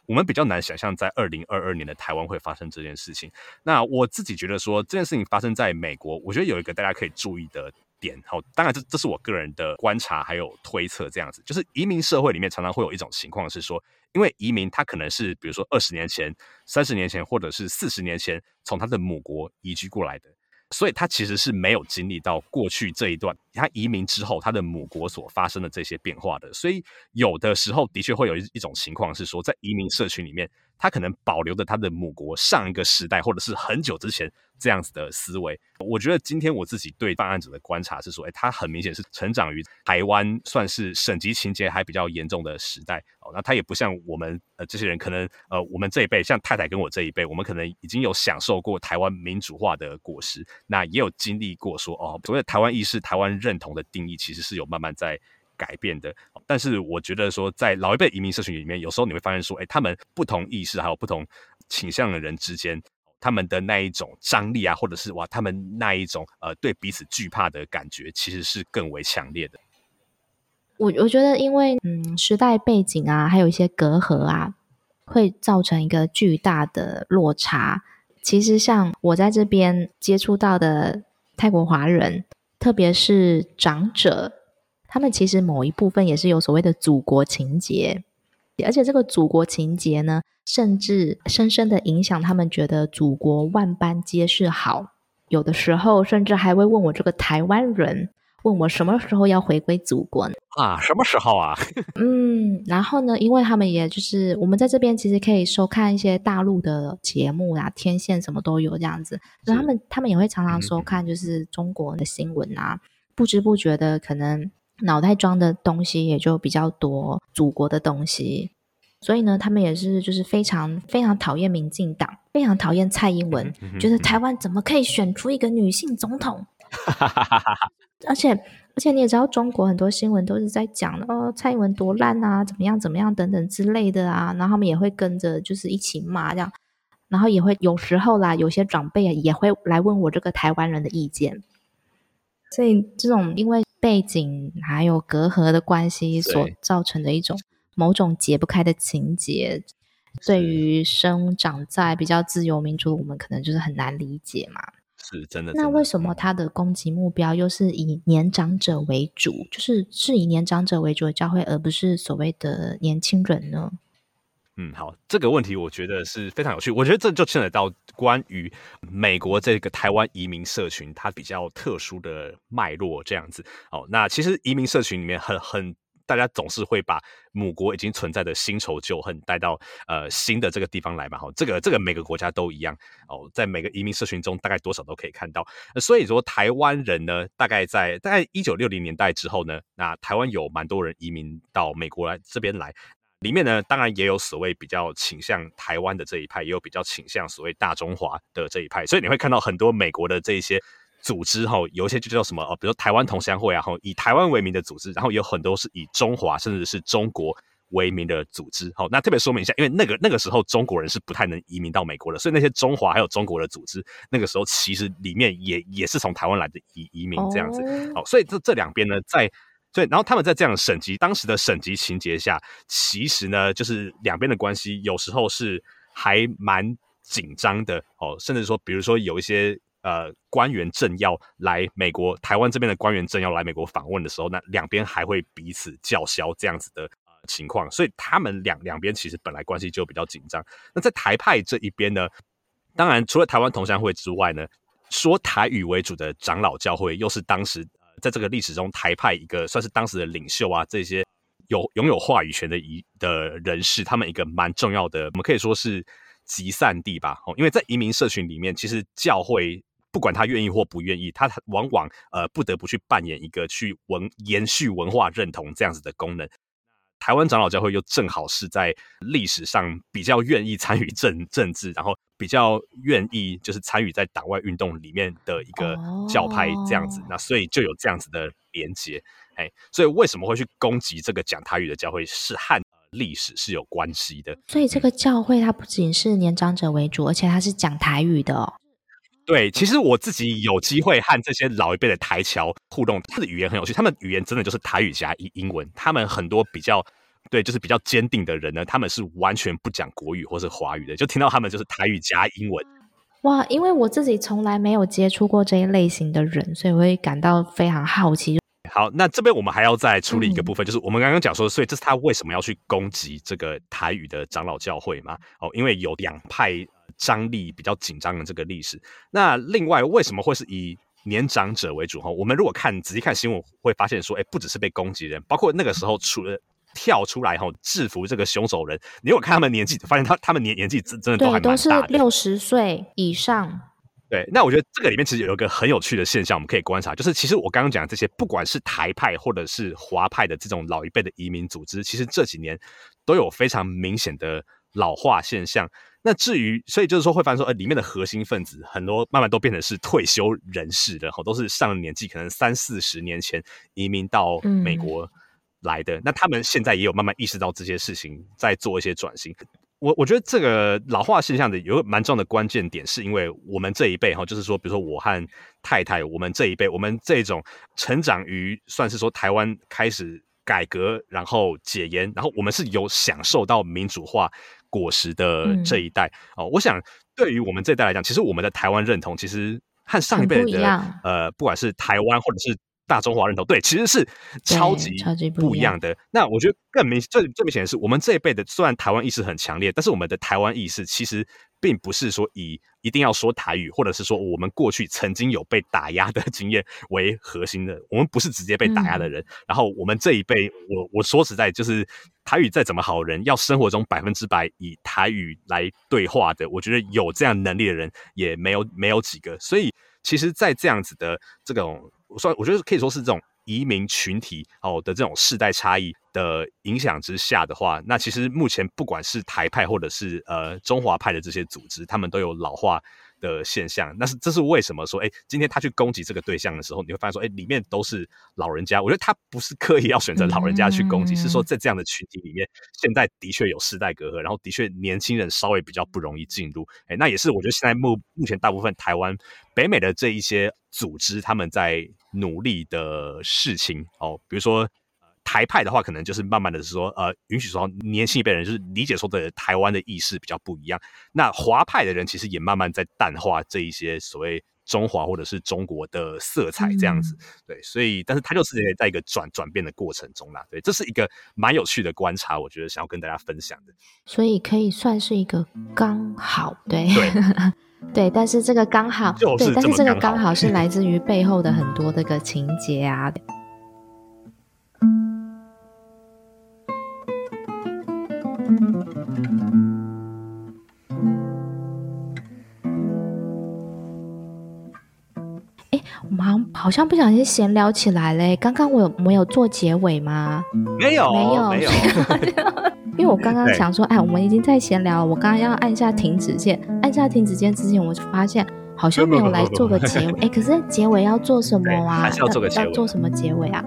[SPEAKER 2] 我們比較難想象在二零二二年的台灣會發生這件事情。那我自己覺得說，這件事情發生在美國，我覺得有一個大家可以注意的點。好，當然這這是我個人的觀察還有推測這樣子，就是移民社會裡面常常會有一種情況是說，因為移民他可能是比如說二十年前、三十年前或者是四十年前從他的母國移居過來的。所以他其實是沒有經歷到過去這一段，他移民之後他的母國所發生的這些變化的。所以有的時候的確會有一一種情況是說，在移民社群裡面。他可能保留着他的母國上一個時代，或者是很久之前這樣子的思維。我覺得今天我自己對犯案者的觀察是說，誒，他很明顯是成長於台灣算是省籍情結還比較嚴重的時代。哦，那他也不像我們呃這些人，可能呃我們這一輩，像太太跟我這一輩，我們可能已經有享受過台灣民主化的果實，那也有經歷過說，哦，所謂台灣意識、台灣認同的定義，其實是有慢慢在改變的。哦。但是我覺得說，在老一輩移民社群裡面，有時候你會發現說，哎、欸，他們不同意識還有不同傾向的人之間，他們的那一種張力啊，或者是哇，他們那一種呃對彼此懼怕的感覺，其實是更為強烈的。
[SPEAKER 1] 我我覺得，因為嗯，時代背景啊，還有一些隔閡啊，會造成一個巨大的落差。其實像我在這邊接觸到的泰國華人，特別是長者。他們其實某一部分也是有所謂的祖國情結，而且這個祖國情結呢，甚至深深地影響他們覺得祖國萬般皆是好，有的時候甚至還會問我這個台灣人，問我什麼時候要回歸祖國呢？
[SPEAKER 2] 啊，什麼時候啊？
[SPEAKER 1] 嗯，然後呢，因為他們也就是我們在這邊其實可以收看一些大陸的節目啊，天線什麼都有這樣子，所以他們他們也會常常收看就是中國的新聞啊，不知不覺的可能，腦袋裝的東西也就比較多，祖國的東西，所以呢，他們也是就是非常非常討厭民進黨，非常討厭蔡英文，覺得台灣怎麼可以選出一個女性總統？而且而且你也知道，中國很多新聞都是在講，哦，蔡英文多爛啊，怎麼樣怎麼樣等等之類的啊，然後他們也會跟着就是一起罵這樣，然後也會有時候啦，有些長輩啊也會來問我這個台灣人的意見，所以這種因為。背景還有隔閡的關係所造成的一種某種解不開的情結，以對於生長在比較自由民主，我們可能就是很難理解嘛。是真的。那為什麼他的攻擊目標又是以年長者為主？就是是以年長者為主的教會，而不是所謂的年輕人呢？
[SPEAKER 2] 嗯，好，這個問題我覺得是非常有趣。我覺得這就牽扯到關於美國這個台灣移民社群它比較特殊的脈絡這樣子。哦，那其實移民社群裡面很很，大家總是會把母國已經存在的新仇舊恨帶到呃新的這個地方來嘛。哈、哦，這個這個每個國家都一樣。哦，在每個移民社群中，大概多少都可以看到。呃、所以說，台灣人呢，大概在大概一九六零年代之後呢，那台灣有蠻多人移民到美國來這邊來。裡面呢，當然也有所謂比較傾向台灣的這一派，也有比較傾向所謂大中華的這一派，所以你會看到很多美國的這一些組織，哈、哦，有一些就叫什麼哦，比如說台灣同鄉會啊，哈，以台灣為名的組織，然後有很多是以中華甚至是中國為名的組織，哈、哦。那特別說明一下，因為那個那個時候中國人是不太能移民到美國的，所以那些中華還有中國的組織，那個時候其實裡面也也是從台灣來的移移民這樣子，哦好，所以這這兩邊呢，在。所以，然後他們在這樣省籍當時的省籍情結下，其實呢，就是兩邊的關係有時候是還蠻緊張的哦，甚至說，比如說有一些呃官員政要來美國，台灣這邊的官員政要來美國訪問的時候，那兩邊還會彼此叫囂這樣子的、呃、情況，所以他們兩兩邊其實本來關係就比較緊張。那在台派這一邊呢，當然除了台灣同鄉會之外呢，說台語為主的長老教會又是當時。在這個歷史中，台派一個算是當時的領袖啊，這些有擁有話語權的一的人士，他們一個蠻重要的，我們可以說是集散地吧。哦，因為在移民社群裡面，其實教會不管他願意或不願意，他往往呃不得不去扮演一個去文延續文化認同這樣子的功能。台灣長老教會又正好是在歷史上比較願意參與政政治，然後比較願意就是參與在黨外運動裡面的一個教派這樣子，哦、那所以就有這樣子的連接。哎，所以為什麼會去攻擊這個講台語的教會，是和歷史是有關係的。
[SPEAKER 1] 所以這個教會它不僅是年長者為主，而且它是講台語的。
[SPEAKER 2] 對，其實我自己有機會和這些老一輩的台僑互動，他的語言很有趣，他們語言真的就是台語加英英文。他們很多比較，對，就是比較堅定的人呢，他們是完全不講國語或是華語的，就聽到他們就是台語加英文。
[SPEAKER 1] 哇，因為我自己從來沒有接觸過這一類型的人，所以我會感到非常好奇。
[SPEAKER 2] 好，那這邊我們還要再處理一個部分，嗯、就是我們剛剛講說，所以這是他為什麼要去攻擊這個台語的長老教會嘛？哦，因為有兩派張力比較緊張的這個歷史。那另外為什麼會是以年長者為主？哈，我們如果看仔細看新聞，會發現說，哎、欸，不只是被攻擊人，包括那個時候除了跳出來吼制服這個兇手人，你有看他們年紀，發現他他們年年紀真的都還蠻大的，
[SPEAKER 1] 六十歲以上。
[SPEAKER 2] 對，那我覺得這個裡面其實有一個很有趣的現象，我們可以觀察，就是其實我剛剛講的這些，不管是台派或者是華派的這種老一輩的移民組織，其實這幾年都有非常明顯的老化現象。那至於，所以就是說，會發現說，呃，裡面的核心分子很多慢慢都變成是退休人士的，然後都是上了年紀，可能三四十年前移民到美國來的，嗯、那他們現在也有慢慢意識到這些事情，在做一些轉型。我我覺得這個老化現象的有蠻重要的關鍵點，是因為我們這一輩哈，就是說，比如說我和太太，我們這一輩，我們這一種成長於算是說台灣開始改革，然後解嚴，然後我們是有享受到民主化果實的這一代哦。嗯呃、我想對於我們這一代來講，其實我們的台灣認同，其實和上一輩的人呃，不管是台灣或者是大中華人頭，對，其實是超級超級不一樣的。那我覺得更明最最明顯的是，我們這一輩的雖然台灣意識很強烈，但是我們的台灣意識其實並不是說以一定要說台語，或者是說我們過去曾經有被打壓的經驗為核心的。我們不是直接被打壓的人。嗯，然後我們這一輩，我我說實在，就是台語再怎麼好人，人要生活中百分之百以台語來對話的，我覺得有這樣能力的人也沒有沒有幾個。所以，其實，在這樣子的這種。我算我覺得可以說是這種移民群體哦的這種世代差異的影響之下的話，那其實目前不管是台派或者是呃中華派的這些組織，他們都有老化的現象，那是這是為什麼說哎、欸,今天他去攻擊這個對象的時候,你會發現說哎、欸,裡面都是老人家。我覺得他不是刻意要選擇老人家去攻擊,嗯嗯,是說在這樣的群體裡面,現在的確有世代隔閡,然後的確年輕人稍微比較不容易進入。哎、欸,那也是我覺得現在目目前大部分台灣北美的這一些組織,他們在努力的事情哦,比如說。台派的話，可能就是慢慢的是說，呃，允許說年輕一輩人就是理解說的台灣的意識比較不一樣。那華派的人其實也慢慢在淡化這一些所謂中華或者是中國的色彩這樣子。嗯、對，所以，但是他就是在一個轉轉變的過程中啦。對，這是一個蠻有趣的觀察，我覺得想要跟大家分享的。
[SPEAKER 1] 所以可以算是一個剛好，對對 <laughs> 對，但是這個剛好，就是 對，但是，但是這個剛好是來自於背後的很多這個情節啊。嗯嗯欸，我們好像，好像不小心閒聊起來嘞，欸。剛剛我有沒有做結尾嗎？沒有，沒有。因為我剛剛想說，欸，我們已經在閒聊了。我剛剛要按下停止鍵，按下停止鍵之前，我就發現好像沒有來做個結尾。欸，可是結尾要做什麼啊？要做，要，要做什麼結尾啊？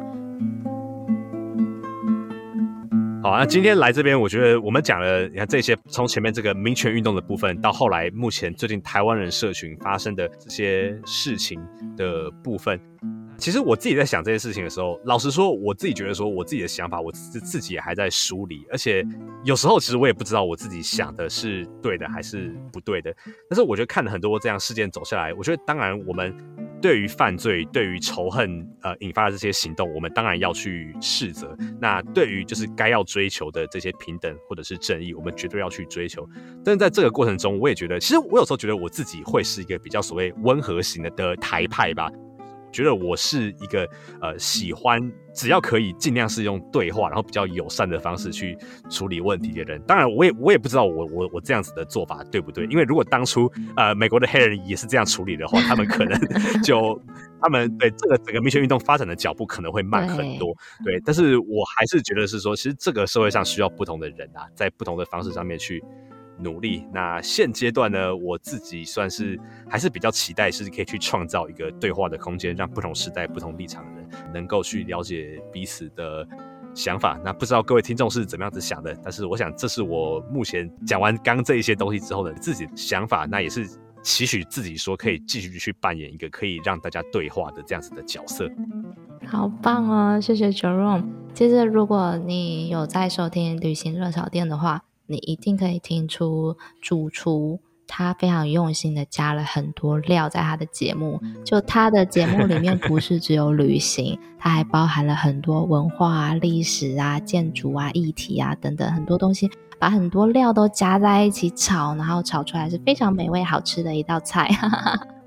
[SPEAKER 2] 好啊，那今天來這邊，我覺得我們講了，你看這些從前面這個民權運動的部分，到後來目前最近台灣人社群發生的這些事情的部分。其實我自己在想這些事情的時候，老實說，我自己覺得說，我自己的想法，我自自己也還在梳理。而且有時候，其實我也不知道我自己想的是對的還是不對的。但是我覺得看了很多這樣事件走下來，我覺得當然我們對於犯罪、對於仇恨呃引發的這些行動，我們當然要去斥責。那對於就是該要追求的這些平等或者是正義，我們絕對要去追求。但是在這個過程中，我也覺得，其實我有時候覺得我自己會是一個比較所謂溫和型的的台派吧。覺得我是一個呃喜歡只要可以盡量是用對話，然後比較友善的方式去處理問題的人。當然，我也我也不知道我我我這樣子的做法對不對？因為如果當初呃美國的黑人也是這樣處理的話，他們可能就 <laughs> 他們對這個整個民權運動發展的腳步可能會慢很多。哎、對，但是我還是覺得是說，其實這個社會上需要不同的人啊，在不同的方式上面去。努力。那現階段呢，我自己算是還是比較期待，是可以去創造一個對話的空間，讓不同時代、不同立場的人能夠去了解彼此的想法。那不知道各位聽眾是怎麼樣子想的？但是我想，這是我目前講完剛這一些東西之後的自己想法。那也是期許自己說，可以繼續去扮演一個可以讓大家對話的這樣子的角色。
[SPEAKER 1] 好棒哦！謝謝 Jerome。其實如果你有在收聽旅行熱炒店的話。你一定可以聽出主廚他非常用心的加了很多料在他的節目，就他的節目裡面不是只有旅行，他還包含了很多文化啊、歷史啊、建築啊、議題啊等等很多東西，把很多料都加在一起炒，然後炒出來是非常美味好吃的一道菜，mm。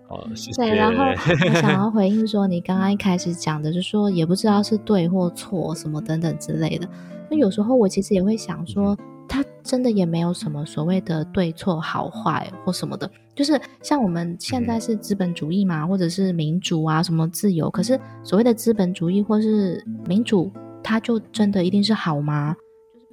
[SPEAKER 1] 哦，hmm， <laughs> 對，然後我想要回應說你剛剛一開始講的就是說也不知道是對或錯什麼等等之類的，那有時候我其實也會想說。他真的也沒有什麼所謂的對錯、好壞或什麼的，就是像我們現在是資本主義嘛，或者是民主啊，什麼自由。可是所謂的資本主義或是民主，它就真的一定是好嗎？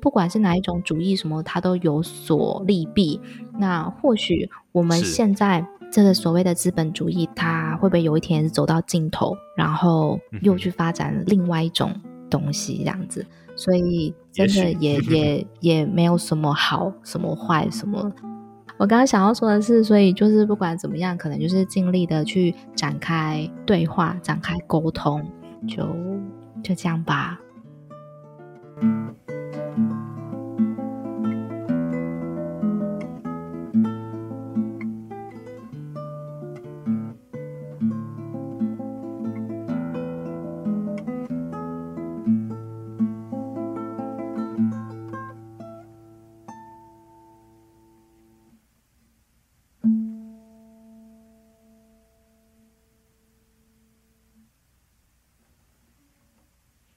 [SPEAKER 1] 不管是哪一種主義什麼，它都有所利弊。那或許我們現在這個所謂的資本主義，它會不會有一天走到盡頭，然後又去發展另外一種東西這樣子？所以真的也也是 <laughs> 也，也沒有什麼好什麼壞什麼。我剛剛想要說的是，所以就是不管怎麼樣，可能就是盡力的去展開對話，展開溝通，就就這樣吧。嗯。